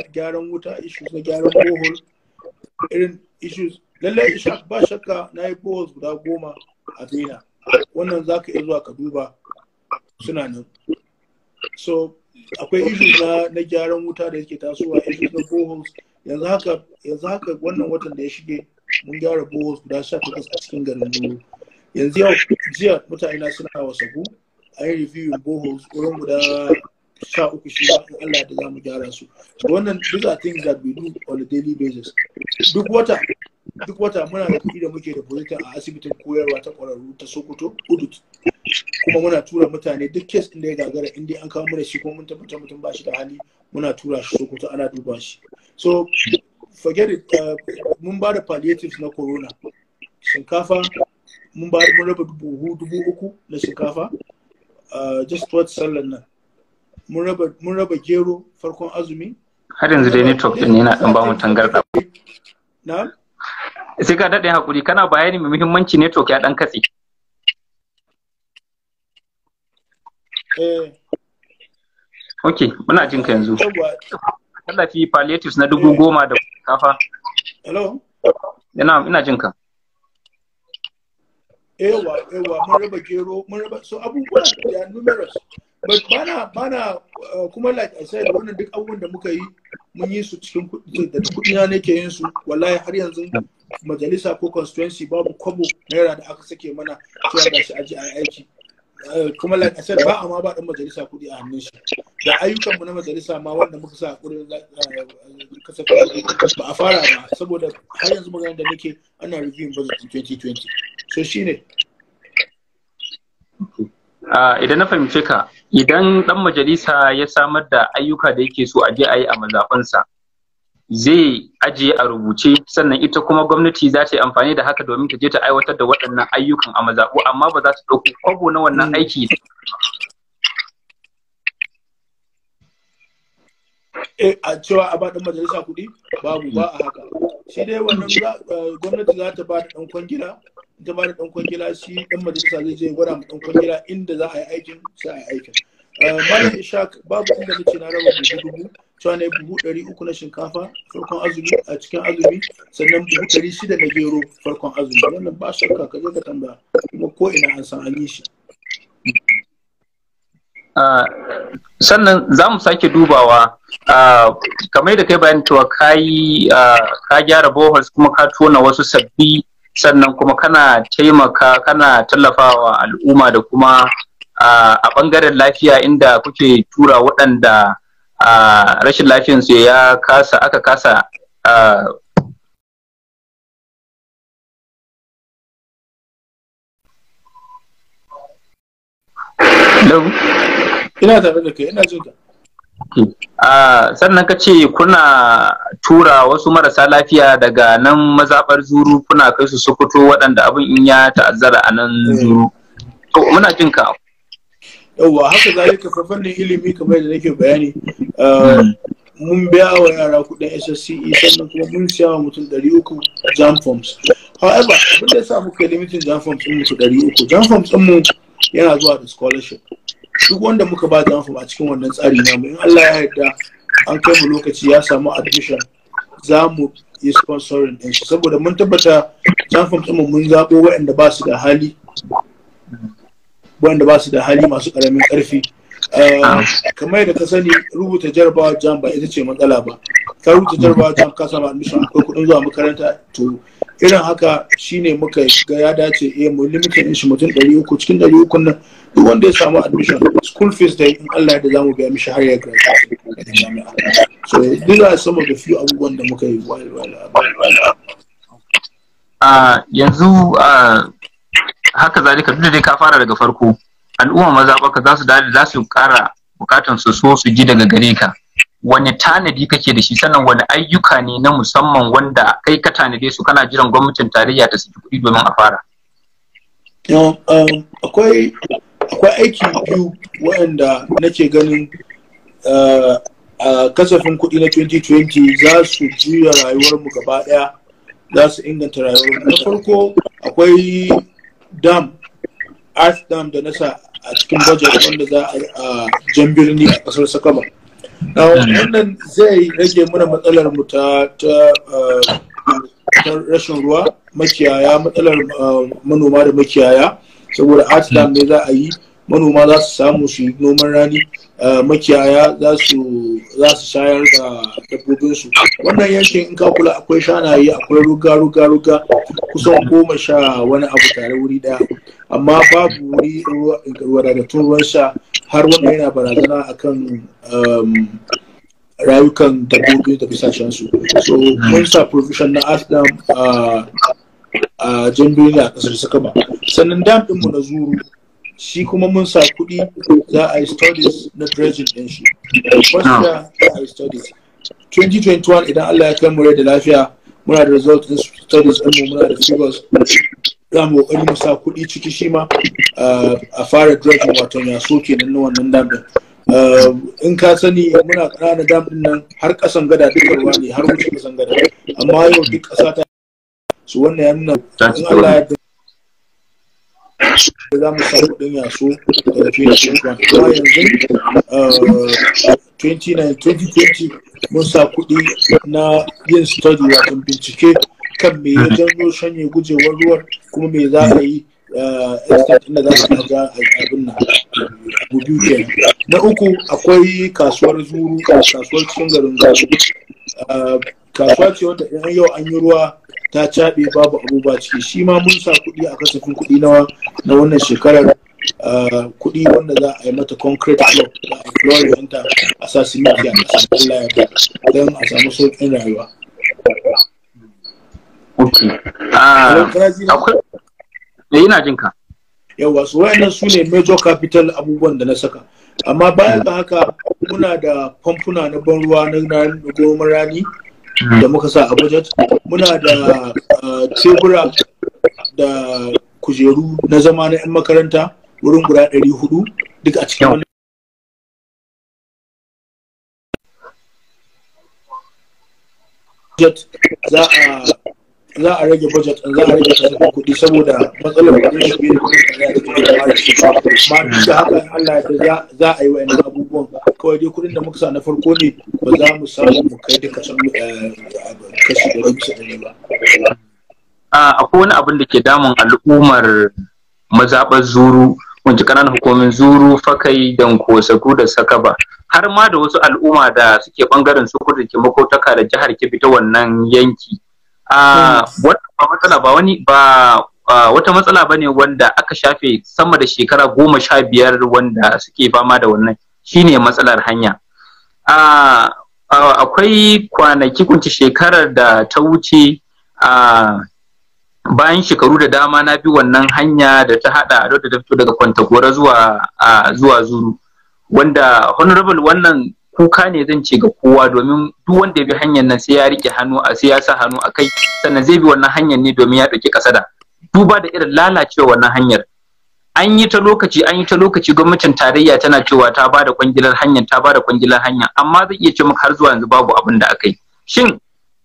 na gyaran wuta issues na gyaran bohol irin issues lallai ba shakka na yi bohol guda goma a zaina wannan za ka iya zuwa ka duba suna nan so akwai issues na, na gyaran wuta da yake tasowa issues na boholes yanzu haka wannan watan da ya shige mun gyara bohos guda sha takwas a cikin garin Nuhu yanzu yau jiya mutane na suna wasabu a yi review bohos wurin guda sha uku shi in Allah da za mu gyara su wannan these are things that we do on a daily basis duk wata duk wata muna da kuɗi da muke da burita a asibitin koyarwa ta ƙwararru ta sokoto udut kuma muna tura mutane duk kes inda ya gagara inda an kawo mana shi ko mun tabbatar mutum ba shi da hali muna tura shi sokoto ana duba shi so forget it uh, mun ba da palliatives na corona shinkafa mun ba mun raba dubu dubu uku na shinkafa uh, just what sallan nan mun raba gero farkon azumi har yanzu dai network din yana dan ba mu tangarda na'am sai ka daɗe hakuri kana bayani mai muhimmanci toke ya ɗan katse eh. ok muna jin ka yanzu tallafi palliatives na dubu goma da kafa hello ina jin ka ewa ewa mun raba gero mun raba so abubuwa da numerous but bana bana uh, kuma like I said wannan duk abubuwan da muka yi mun yi su cikin kuɗi da kuɗi na nake yin su wallahi har yanzu majalisa ko constituency babu kwabo naira da aka sake mana cewa ga shi aji a aiki eh, kuma like I ba a ba dan majalisa kuɗi a hannun shi da mu na majalisa ma wanda muka sa kuɗin eh, eh, kasafin ba a fara ba saboda har yanzu magana da muke ana reviewing budget 2020 so shine ah, idan na fahimce ka idan dan majalisa ya samar da ayyuka da yake so a je a yi a mazaɓansa zai ajiye a rubuce sannan ita kuma gwamnati za ta yi amfani da haka domin ta je ta aiwatar da waɗannan ayyukan a mazaɓu amma ba za su ɗauko kwabo na wannan mm. aiki eh, a cewa a ba majalisa kuɗi babu ba a haka shi dai wannan eh, gwamnati za ta ba da ɗan kwangila ta ba da ɗan kwangila shi ɗan majalisa zai je gwada ma ɗan kwangila inda za a yi aikin sai a yi aikin Eh, Malam Ishaq babu inda nace na raba buhu dubu cewa ne buhu ɗari uku na shinkafa farkon azumi a cikin azumi sannan buhu ɗari shida na gero farkon azumi wannan ba shakka ka je ka tambaya kuma ko ina an san an yi shi. Ah, sannan za mu sake dubawa ah, kamar da kai bayan cewa ka ah, gyara boholes kuma ka tona wasu sabbi sannan kuma kana taimaka kana tallafawa al'umma da kuma a ɓangaren lafiya inda kuke tura waɗanda rashin lafiyansu ya kasa aka kasa Hello? Ina tafi da kai, ina jin ka. sannan ka ce kuna tura wasu marasa lafiya daga nan mazaɓar zuru kuna kai su sokoto waɗanda abin in ya ta'azzara a nan eh. zuru. Muna jin ka. yawwa haka zalika fa fannin ilimi kamar da nake bayani uh, mun biya wa yara kudin SSCE sannan kuma mun siya wa mutum 300 jam forms however abin da ya sa muka limitin jam forms din mutu 300 jam forms din mu yana zuwa da scholarship duk wanda muka ba jam forms a cikin wannan tsari na mu in Allah ya yarda an kai mu lokaci ya samu admission za mu yi sponsorin din shi saboda mun tabbata jam forms din mun zabo waɗanda ba su da hali wanda ba su da hali masu karamin karfi eh, ah. kamar da ka sani rubuta jarabawa jam ba ita ce matsala ba ka rubuta jarabawa jam ka samu admission akwai kuɗin zuwa makaranta to irin haka shine muka ga ya dace eh mu limitin shi mutum 300 cikin 300 nan duk wanda ya samu admission school fees dai in Allah ya zamu biya mishi har ya gaza so these are some of the few abubuwan da muka yi wala ah yanzu ah, haka zalika duk da dai ka fara daga farko al'umma maza baka za su dade za su kara bukatan su so su ji daga gare ka wani tanadi kake da shi sannan wani ayyuka ne na musamman wanda kai ka tanade su kana jiran gwamnatin tarayya ta saki kuɗi domin a fara um, akwai aiki biyu waɗanda nake ganin uh, a kasafin kuɗi na 2020 za su juya rayuwarmu gaba ɗaya za su inganta rayuwarmu na farko akwai dam earth dam da nasa a cikin budget wanda za a jan birni a kasar sakama na wannan zai rage mana matsalar mu ta eh, rashin ruwa makiyaya matsalar eh, manoma da makiyaya saboda earth dam ne za a yi manoma za su samu su yi noman rani eh, makiyaya za su shayar da dabbobinsu wannan yankin in ka kula akwai shanaye akwai ruga ruga ruga kusan goma sha wani abu tare wuri daya amma babu wuri wadatattun ruwan sha har wannan yana barazana a kan um, rayukan dabbobi da su. so mun sa provision na asdam a jambiri a kasar sakama sannan dam ɗinmu na zuru shi kuma mun sa kuɗi za a yi studies na treasury din shi wasta za a yi studies 2021 idan Allah ya kai mu da lafiya muna da result in studies mu muna da figures za mu ƙoƙari mu sa kuɗi ciki shi ma ah, a fara dredging wato ya soke nan na wannan damin ah, in ka sani muna ƙanana damin nan har ƙasan gada duk ruwa ne har wuce ƙasan gada amma yau duk ƙasa ta su wannan ya nuna in Allah ya za mu sa kudin yaso daga 2021 a yanzu 2020 eh, mun sa kuɗi na yin study wato bincike kan me ya janyo shanye gujewar ruwan kuma me za a yi eh, estate inda za su ga abin na abu biyu kenan na uku akwai kasuwar zuru kasuwar cikin garin eh, kasuwa ce wanda yau an yi ruwa ta caɓe babu abubuwa ciki shi ma mun sa kuɗi a kasafin kuɗi na wannan shekarar kuɗi wanda za a yi mata concrete block da a flori wanta a sa siminti a ƙasar layata don a samu sauƙin rayuwa. Ah, eh, ka. Yawwa su su ne major capital abubuwan da na saka. Amma bayan da haka muna da famfuna na ban ruwa na gomar rani da muka sa a budget muna da uh, tebura da kujeru na zama na 'yan makaranta wurin guda 400 duk a cikin wani budget za a za a rage budget za a rage kasafin kuɗi saboda matsalar kuɗin shi ne ma duk da haka Allah ya za a yi wa wa'annan abubuwan kawai dai kuɗin da muka sa na farko ne ba za mu samu mu kai da eh, kashi da bisa Akwai wani abin da ke damun al'ummar mazaɓar zuru kunci kananan hukumin zuru fakai danko sagu da sakaba har ma da wasu al'umma da suke ɓangaren su da ke makotaka da jihar Kibi ta wannan yanki Ah, wannan matsala ba wani ba ah, wata matsala ba ne wanda aka shafe sama da shekara goma sha biyar wanda suke fama da wannan shine matsalar hanya ah, akwai kwanaki kunci shekarar da ta wuce bayan shekaru da dama na bi wannan hanya da ta hada da ta fito daga kwantagora zuwa zuwa zuru wanda honorable wannan kuka ne zan ce ga kowa domin duk wanda ya bi hanyar nan sai ya rike hannu a sai ya sa hannu a kai sannan zai bi wannan hanyar ne domin ya ɗauki da duba da irin lalacewa wannan hanyar an yi ta lokaci an yi ta lokaci gwamnatin tarayya tana cewa ta bada kwangilar hanyar ta bada kwangilar hanyar. amma zai iya ce maka har zuwa yanzu babu abin da aka yi shin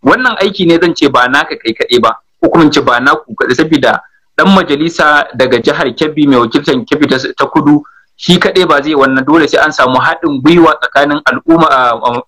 wannan aiki ne zan ce ba naka kai kaɗai ba ko kuma ce ba naku kaɗai saboda dan majalisa daga jihar Kebbi mai wakiltar Kebbi ta kudu shi kaɗai ba zai wannan dole sai an samu haɗin gwiwa tsakanin al'umma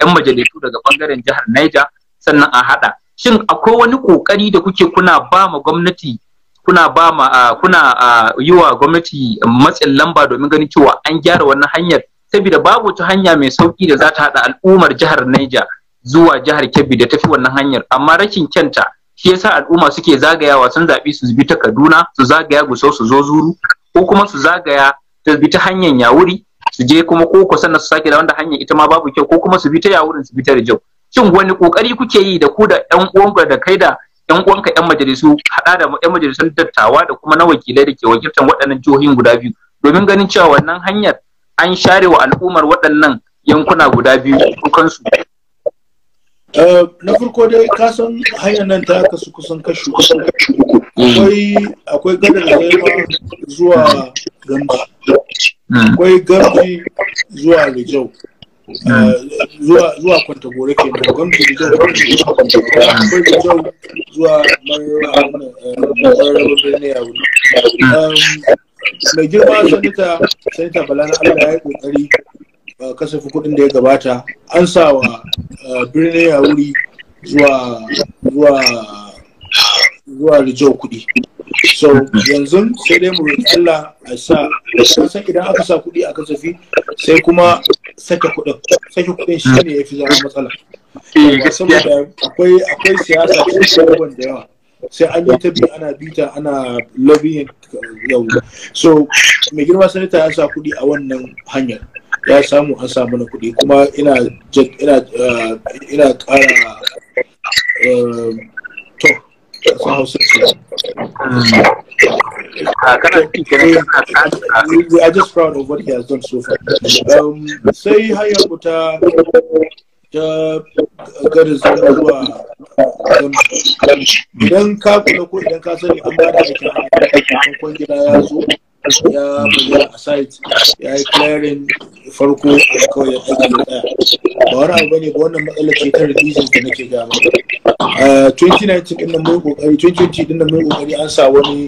yan majalisu daga bangaren jihar Niger sannan a haɗa shin akwai wani ƙoƙari da kuke kuna ba ma gwamnati kuna ba ma kuna yi wa gwamnati matsin lamba domin ganin cewa an gyara wannan hanyar saboda babu wata hanya mai sauki da za ta haɗa al'ummar jihar Niger zuwa jihar Kebbi da tafi wannan hanyar amma rashin kyanta shi yasa al'umma suke zagayawa sun zaɓi su bi ta Kaduna su zagaya Gusau su zo Zuru ko kuma su zagaya ta bi ta hanyar yawuri su je kuma ko ku sannan su sake da wanda hanyar ita ma babu kyau ko kuma su bi ta yawurin su bi ta rijau shin wani kokari kuke yi da ku da ɗan uwanka da kai da ɗan uwanka ɗan majalisu haɗa da ɗan majalisun dattawa da kuma na wakilai da ke wakiltar waɗannan jihohin guda biyu domin ganin cewa wannan hanyar an share wa al'ummar waɗannan yankuna guda biyu kansu Eh, na farko dai ka san hanyar nan ta kasu kusan kashi uku akwai akwai gadar zaima zuwa gamji akwai gamji zuwa rijau eh, zuwa kwanta gore ke nan gamji rijau akwai rijau zuwa mararrabar eh, birni a wuri mai girma sanita sanita balana allah ya yi kokari kasafin kuɗin da ya gabata an sa wa birnin ya wuri zuwa zuwa zuwa kuɗi so yanzu sai dai mu roƙi Allah a sa san idan aka sa kuɗi a kasafi sai kuma sake kuɗin sake kudin shi ne ya fi zama matsala eh, saboda akwai akwai siyasa ta abubuwan da yawa sai an yi ta ana bita ana lobbying yau so mai girma sanita ya sa kuɗi a wannan hanyar ya samu an samu na kuɗi kuma ina eh, ina ƙara eh, to san hausa ce hmm. I just proud of what he has done so far. Um, sai hanyar ku ta gari zuwa idan ka kula ko idan ka sani an ba da aikin aikin kwangila ya zo ya bugu a site ya yi clearing farko a kawai ya ɗaga da ɗaya ba wani abu bane ba wannan matsalar ce ta releases da nake ga ba 2019 din nan mai kokari 2020 din nan mun kokari an sa wani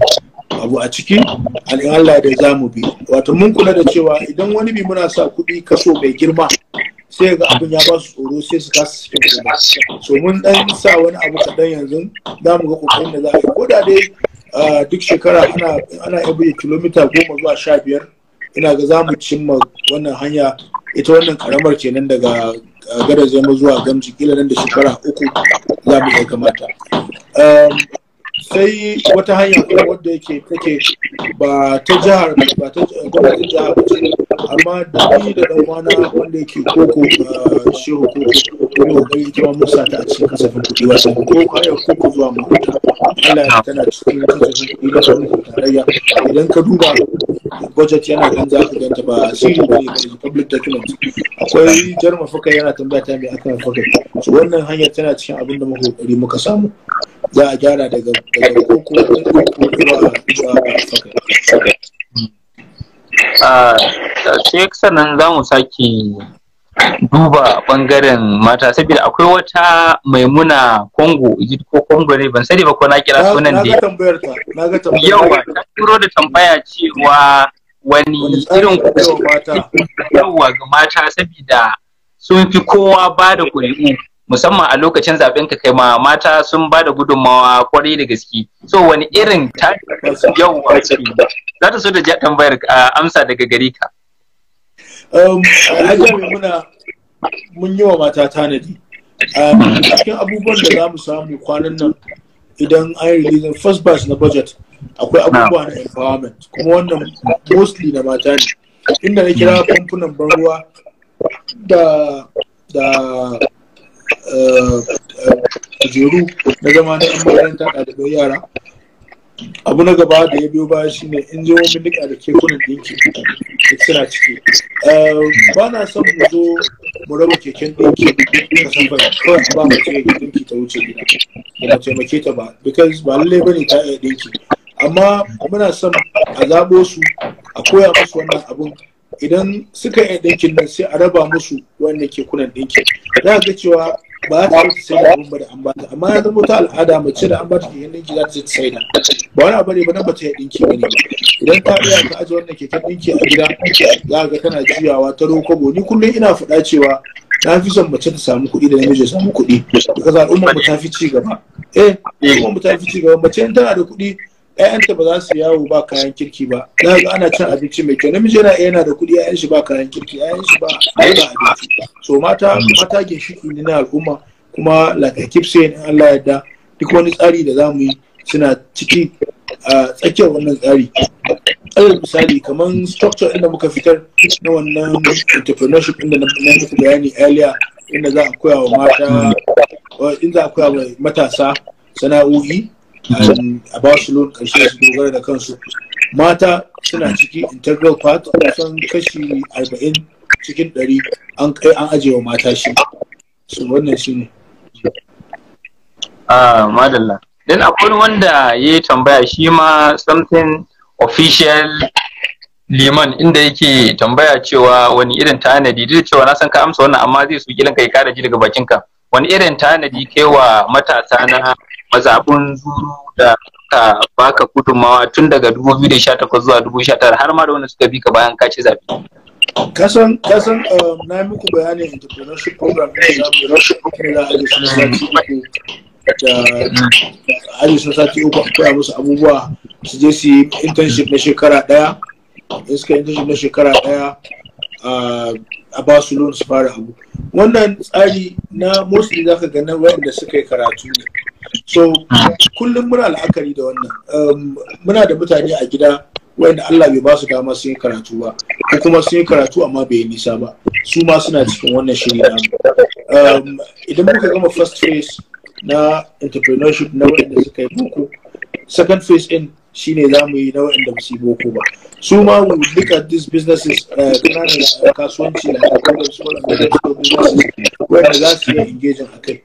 abu a ciki alin Allah da za mu bi wato mun kula da cewa idan wani bi muna sa kuɗi kaso mai girma sai ga abin ya ba su tsoro sai su kasa cikin kuma so mun dan sa wani abu kaɗan yanzu za mu ga kokarin da za a yi ko da dai duk shekara ana ana iya kilomita goma zuwa sha biyar ina ga za mu cimma wannan hanya ita wannan karamar kenan daga gada zama zuwa gamji kila nan da shekara uku za mu iya kamata um, sai wata hanya kuma wadda yake take ba ta jihar ba ta gwamnatin jihar ba ce amma dani da dan wani wanda yake koko ah, shehu koko ne wanda yake ma musa ta a cikin kasafin kuɗi wasu koko ko koko zuwa mahuta Allah tana cikin kasafin kuɗi da sauran tarayya idan ka duba budget yana kan za ka ganta ba sirri ba ne public document akwai jar fuka yana tambaya ta mai aka mafaka wannan hanyar tana cikin abin da muka muka samu za a gyara daga Ah, sai sannan za mu sake duba bangaren mata saboda akwai wata maimuna kongo ijid ko kongo ne ban sani ba ko na kira sunan da yau ba ta turo da tambaya cewa wani irin yawa ga mata saboda sun fi kowa ba da ƙuri'u musamman a lokacin zaben ka kai ma mata sun ba da gudunmawa kwarai da gaske so wani irin ta yau za ta so da tambayar amsa daga gari ka um, muna mun yi wa mata tanadi um, a cikin abubuwan da za mu samu kwanan nan idan an yi first batch na budget akwai abubuwa na empowerment kuma wannan mostly na mata ne inda na kira famfunan mm. ban ruwa da kujeru na zama na 'yan makaranta ɗalibai yara abu na gaba da ya biyo baya shine in je wani duka da kekunan dinki da suna ciki eh, ba na son mu zo mu raba keken dinki ka san ba kawai ba mu ce dinki ta wuce gida ba taimake ta ba because ba lallai ne ta iya dinki amma muna son a zabo su a koya musu wannan abun idan suka yi ɗinkin nan sai a raba musu wanda ke kunan ɗinkin za ga cewa ba ta yi sai da abin ba da an amma ya zama ta al'ada mace da an ke yanayin za ta sai da ba wani abu ne ba na mace ya ɗinki ba ne idan ta iya ta aji wannan ke ta ɗinki a gida za ga tana juyawa ta rokobo ni kullum ina faɗa cewa na fi son mace ta samu kuɗi da namiji ya samu kuɗi daga al'ummar mu ta fi ci gaba eh al'ummar mu ta fi ci gaba mace tana da kuɗi 'ya'yanta ba za su yawo ba kayan kirki ba za ga ana cin abinci mai kyau namiji yana yana da kuɗi 'ya'yan shi ba kayan kirki 'ya'yan shi ba ba abinci so mata mata ginshiki ne na al'umma kuma like I keep saying Allah yarda duk wani tsari da za mu yi suna ciki a tsakiyar wannan tsari alal misali kamar structure inda muka fitar na wannan entrepreneurship inda na muku bayani earlier inda za a koya wa mata inda za a koya wa matasa sana'o'i a Barcelona ƙarshe su dogara da kansu mata suna ciki integral part kusan kashi arba'in cikin ɗari an kai an ajewa mata shi su wannan shi ne ah madalla dan akwai wanda ya tambaya shi ma something official liman inda yake tambaya cewa wani irin tanadi duk cewa na san ka amsa wannan amma zai su kilan kai kada ji daga bakinka wani irin tanadi kai matasa na mazaɓun zuru da ka baka gudunmawa tun daga 2018 zuwa 2019 har ma da wani suka bi ka bayan ka ci zaɓe. kasan kasan um, na muku bayanin entrepreneurship program da zamu rashin kuma da hajji sati uku a koya abubuwa su je su yi internship na shekara daya in suka internship na shekara daya a ba su loan su fara abu wannan tsari na mostly zaka ga na da suka yi karatu ne so kullum muna la'akari da wannan um, muna da mutane a gida wanda Allah bai ba su dama sun yi karatu ba ko kuma sun yi karatu amma bai yi nisa ba su ma suna cikin wannan shiri na um, idan muka gama first phase na entrepreneurship na wanda suka yi boko second phase in shine za mu yi na wanda su yi boko ba su ma we look at these businesses kananan uh, uh, kasuwanci da uh, wanda za su yi engaging a kai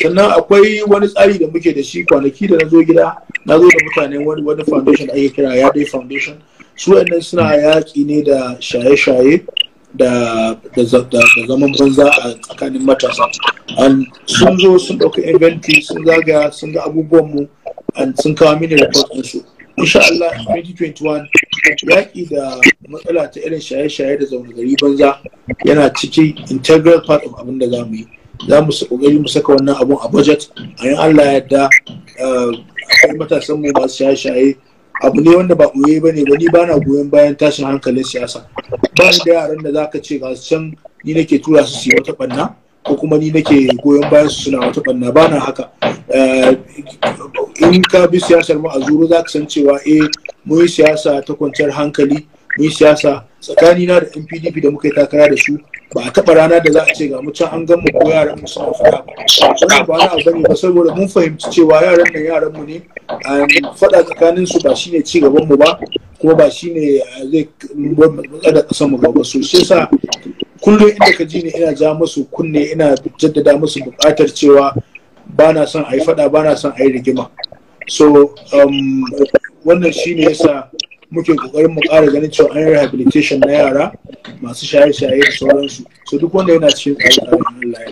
sannan akwai wani tsari da muke da shi kwanaki da na zo gida na zo da mutane wani foundation ake kira ya dai foundation su wannan suna yaƙi ne da shaye-shaye da zaman banza a tsakanin matasa an sun zo sun ɗauka inventory sun zaga sun ga abubuwanmu an sun kawo mini report su insha Allah 2021 yaƙi da matsala ta irin shaye-shaye da zaune gari banza yana ciki integral part of abin da za mu yi za mu kokari mu saka wannan abun a budget a yin Allah ya yarda eh, akwai matasan mu masu shaye-shaye abu ne wanda ba ɓoye ba ne wani bana goyon bayan tashin hankalin siyasa ba ni da yaran da za ka ce ga can ni nake tura su su yi wata ɓanna ko kuma ni nake goyon bayan su suna wata ɓanna ba na haka eh, in ka bi siyasar mu a zuru za ka san cewa eh mu yi siyasa ta kwanciyar hankali mu yi siyasa tsakanina da NPDP da muka yi takara da su ba a taɓa rana da za a ce ga mutum an gan mu ko yaran mu suna faɗa ba wannan ba na abu ne ba saboda mun fahimci cewa yaran nan yaran mu ne faɗa tsakanin su ba shine ci gaban mu ba kuma ba shine zai da ƙasar mu gaba so shi yasa kullum inda ka ji ne ina ja musu kunne ina jaddada musu buƙatar cewa ba na son a yi faɗa ba na son a yi rigima so um, wannan shine yasa muke kokarin mu ƙara ganin cewa an rehabilitation na yara masu shaye-shaye da sauransu so duk wanda yana cikin tsare-tsaren Allah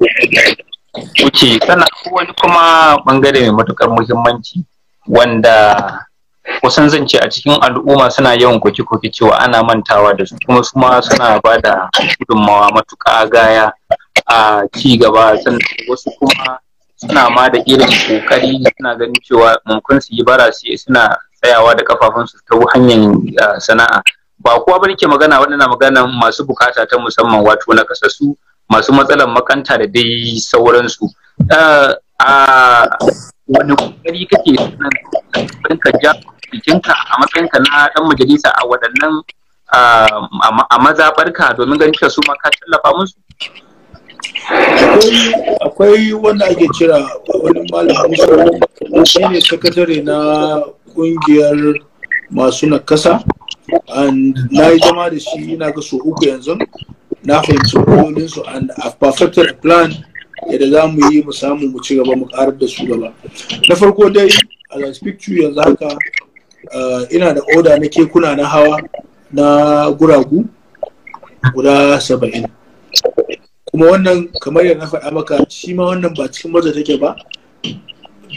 ya sannan wani kuma bangare mai matukar muhimmanci wanda kusan zan ce a cikin al'umma suna yawan koke-koke cewa ana mantawa da su kuma su suna ba da gudunmawa matuƙa gaya a ci gaba sannan wasu kuma suna ma da irin kokari suna ganin cewa mumkin su yi bara suna tsayawa da kafafunsu ta hanyar sana'a ba kowa ba nake magana waɗannan magana masu bukata ta musamman wato na kasassu masu matsalar makanta da dai sauransu a wani kokari kake ka ja jikinka a matsayinka na dan majalisa a waɗannan a mazaɓarka domin ganin su ma ka tallafa musu akwai wanda ake cira wani malam shi ne sakatare na kungiyar masu nakasa na yi zama da shi na ga so uku yanzu na fahimci su and a perfected a plan yadda za mu yi mu samu mu ci gaba mu karar da su gaba na farko dai as I speak to yanzu haka uh, ina da oda na kekuna na hawa na guragu guda saba'in kuma wannan kamar yadda na faɗa maka shi ma wannan ba cikin maza take ba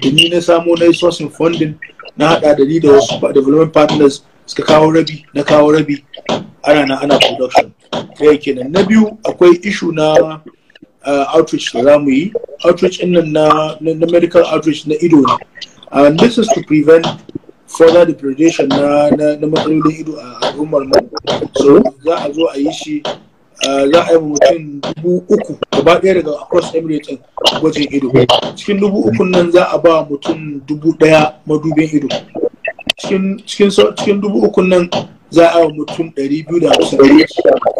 domin na samo na yi sourcing funding na haɗa da ni da wasu development partners suka kawo rabi na kawo rabi ana na ana production yake kenan na biyu akwai ishu na uh, outreach da za mu yi outreach ɗin nan na medical outreach na ido ne and uh, this is to prevent further depredation na na matsalolin ido a al'ummar mu so za a zo a yi shi za a yi mutum dubu uku gaba ɗaya daga across emirates gwajin ido cikin dubu uku nan za a ba mutum dubu ɗaya madubin ido cikin dubu uku nan za a yi mutum ɗari biyu da hamsin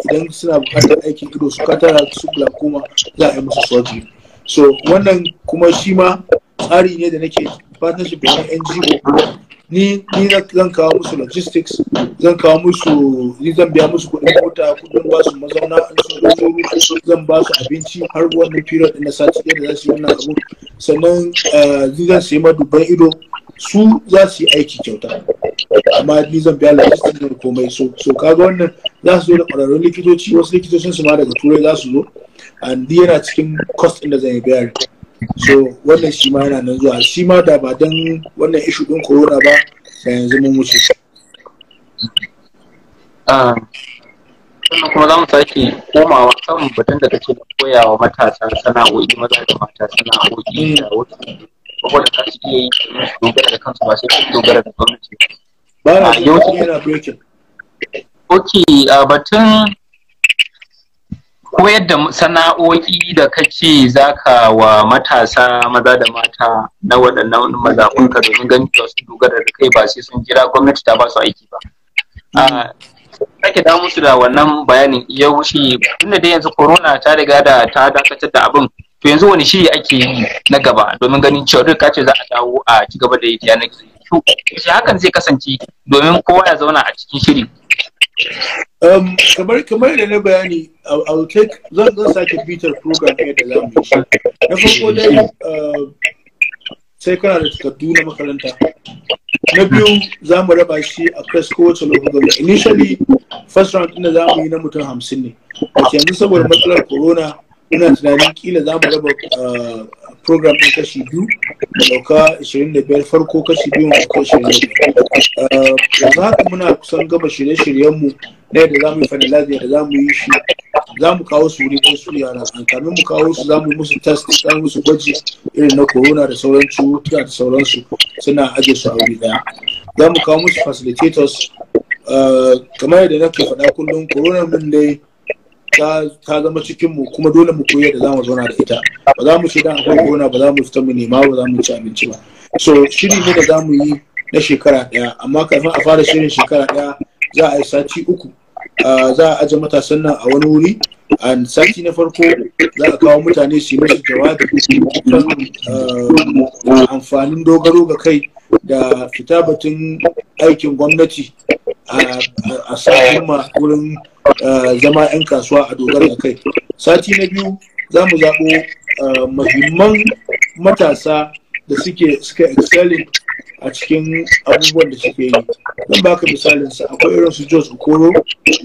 idan suna buƙatar aikin ido su katara su glaucoma za a yi musu surgery so wannan kuma shi ma tsari ne da nake partnership da ngo ni ni zan kawo musu logistics zan kawo musu ni zan biya musu kuɗin mota kuɗin ba su mazauna in sun zan ba su abinci har wannan period na sati ɗaya da za su yi wannan abu sannan eh, ni zan sayi madubban ido su za su yi aiki kyauta amma ni zan biya logistics da komai so so kaga wannan za su zo da ƙwararrun likitoci wasu likitocin su ma daga turai za su zo and yana cikin cost ɗin da zan yi bayar so wannan shi ma yana nan zuwa shi ma da ba don wannan ishu din corona ba da yanzu mun wuce ah, sannan kuma za mu sake komawa kan batun da kake koya wa matasa sana'o'i maza da mata sana'o'i mm. da wasu saboda da su iya yi dogara da kansu ba sai kun dogara da gwamnati ba na ah, yana breaking ok a ah, batun koyar da sana'o'i da kake zaka wa matasa maza da mata na waɗannan mazaɓunka domin ganin da sun dogara da kai ba sai sun jira gwamnati ta ba su aiki ba. Mm. Ah, sake da musu da wannan bayanin ya wuce tunda dai yanzu korona ta riga da ta dakatar da abin to yanzu wani shiri ake yi na gaba domin ganin cewa duk kace za a dawo a ci gaba da yanar gizo. Shi hakan zai kasance domin kowa ya zauna a cikin shiri Um, kamar kamar da na bayani I'll take zan zan sake bitar program ɗaya da za mu yi na farko dai uh, sai kana da takardu na makaranta na biyu za mu raba shi a press kowace lokuta initially first round ɗin da za mu yi na mutum hamsin ne yanzu saboda matsalar corona ina tunanin kila za mu raba uh, program ɗin kashi biyu mu da 25 farko kashi biyu mu ɗauka Da za haka muna kusan gaba shirye-shiryenmu na yadda za mu yi finalize da za mu yi shi za mu kawo su wuri su yara an kamin mu kawo su za mu musu test za mu musu gwaji irin na corona da sauran cututtuka da sauransu suna aje su a wuri daya za mu kawo musu facilitators eh, kamar yadda na ke faɗa kullum corona mun dai ta zama cikin mu kuma dole mu koyi da zamu zauna da ita ba za mu shiga akwai gona ba za mu fita mu nema ba za mu ci abinci ba so shiri ne da za mu yi na shekara daya amma kafin a fara shirin shekara daya za a yi sati uku za a aje matasan nan a wani wuri a sati na farko za a kawo mutane su yi musu jawabi amfanin dogaro ga kai da fita batun aikin gwamnati a sa wurin zama 'yan kasuwa a dogara a kai sati na biyu za mu zaɓo mahimman matasa da suke suka excelling a cikin abubuwan da suke yi zan baka misalin sa akwai irin su jos Okoro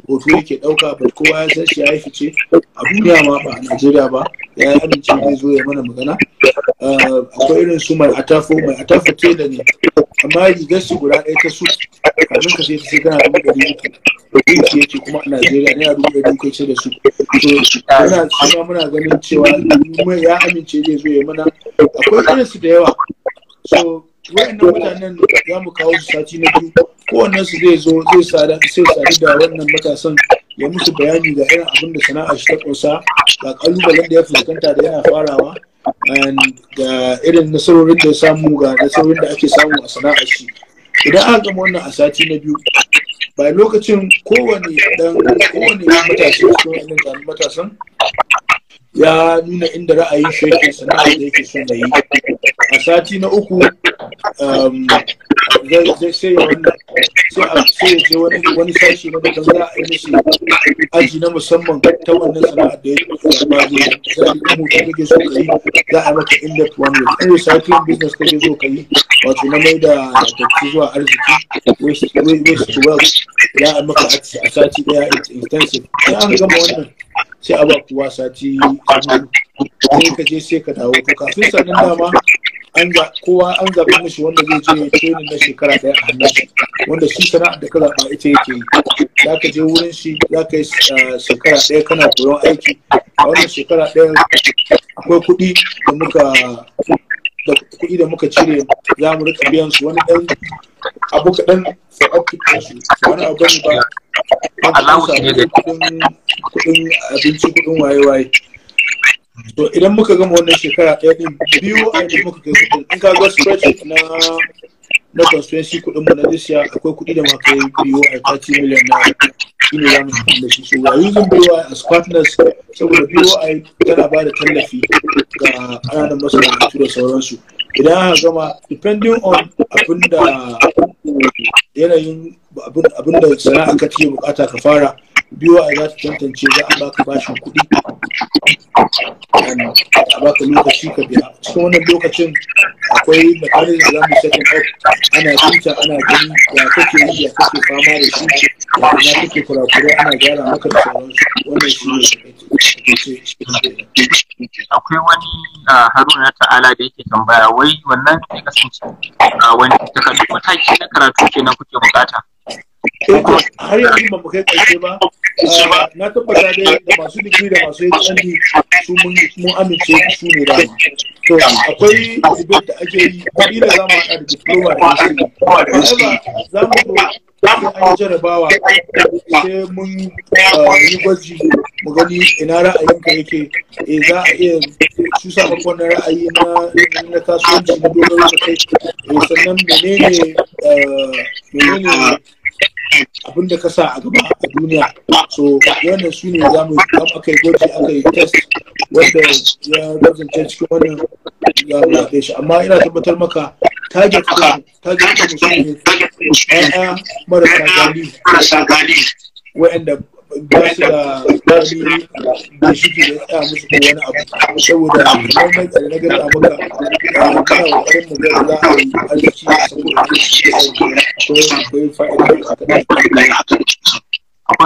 hoto yake dauka ba kowa ya san shi ya fice a duniya ma ba a Najeriya ba ya yi amince zai zo ya mana magana eh, akwai irin su mai atafo mai atafo ke da ne amma rigar su guda ɗaya ta su kafin ka sai ta sai kana dubu ɗari uku ɗinki yake kuma a Najeriya naira dubu ɗari uku ce da su yana suna muna ganin cewa ya amince zai zo ya mana akwai irin su da yawa so wayannan mutanen za mu kawo su sati na biyu kowannen su zai zo zai sadu da wannan matasan ya musu bayani ga irin abin da sana'a shi ta ƙunsa ga ƙalubalen da ya fuskanta da yana farawa da irin nasarorin da ya samu ga nasarorin da ake samu a sana'a shi idan aka gama wannan a sati na biyu ba lokacin kowane dan kowane matashi ko wannan matasan ya nuna inda ra'ayin shi yake sana'a da yake son yi a sati na uku um, zai sai wannan sai a je wani wani sashi na da za a yi mishi aji na musamman ta wannan sana'a da yake so ba zai zai da ke so kai za a maka inda tuwan ne ko sati business kake so kai wato na mai da tafi zuwa arziki wasu waste to wealth ya maka a sati daya intensive sai an gama wannan sai a ba kuwa sati ne ka je sai ka dawo to kafin sannan dama an ga kowa an zaɓi mishi wanda zai je training na shekara ɗaya a hannun wanda shi sana'ar da ka zaɓa ita yake yi za ka je wurin shi za ka yi eh, shekara ɗaya kana koyon aiki a wannan shekara ɗaya akwai kuɗi da muka da kuɗi da muka cire za mu rika biyan su wani ɗan abu kaɗan for optic su wani abu ne ba kuɗin abinci kuɗin waye-waye to idan muka gama wannan shekara ɗaya ɗin biyu a muka kai kuɗin in ka ga spreadsheet na na constituency kuɗin mu na this akwai kuɗi da maka yi biyo a 30 million na shine za mu da shi so we yuzin biyo as partners saboda BOI tana ba da tallafi ga ƙananan masana'antu da sauransu idan aka gama depending on abin da yanayin abin da sana'a ka ce bukata ka fara biyo a za ta tantance za a baka bashin kuɗi a baka lokaci ka biya cikin wannan lokacin akwai makarin da za mu setting up ana tuta ana gani ya kake yi ya kake fama da shi ya kake kurakure ana gyara maka da sauransu wannan shi ne akwai wani haruna ta'ala da yake tambaya wai wannan ya kasance wani takardu mataki na karatu ke na kuke bukata Eh, har yanzu ba mu kai ƙarshe ba na tabbata dai da masu digiri da masu hnd su mun amince su ne da to akwai debate da ake yi kabila za mu haɗa da diploma da history za mu sai an jarabawa sai mun eh, yi gwaji mu gani ina ra'ayinka yake e za a iya su sakamakon na ra'ayi na na kasuwanci na dogaro da kai sannan menene menene abin da ka sa a gaba a duniya so wannan su ne za mu yi aka yi gwaji aka yi test wanda ya kasance cikin wannan ya zaɓe shi amma ina tabbatar maka target ka target ka marasa gani. wa'anda akwai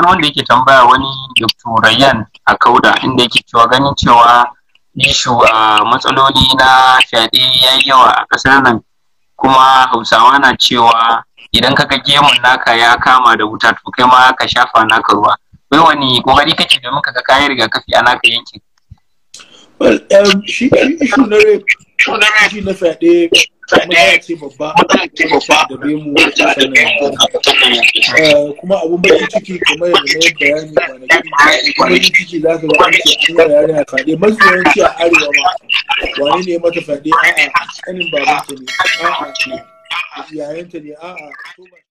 wanda yake tambaya wani dr rayan a kauda inda yake cewa ganin cewa ishu a ah, matsaloli na fyaɗe ya yi yawa a ƙasar nan kuma hausawa na cewa idan kaga gemun naka ya kama da wuta to kai ma ka shafa naka ruwa wai wani kokari kake domin ka ga kayan rigakafi a naka yankin well um, shi shi na rape shi na fyaɗe mutane ce babba da bai mu eh, kuma abun bakin ciki kamar yadda na bayani kwanaki ne ciki za ka ga ce an yare a fade mafi yawanci a arewa ma wani ne mata fade a'a kanin babanta ne a'a ta ne a'a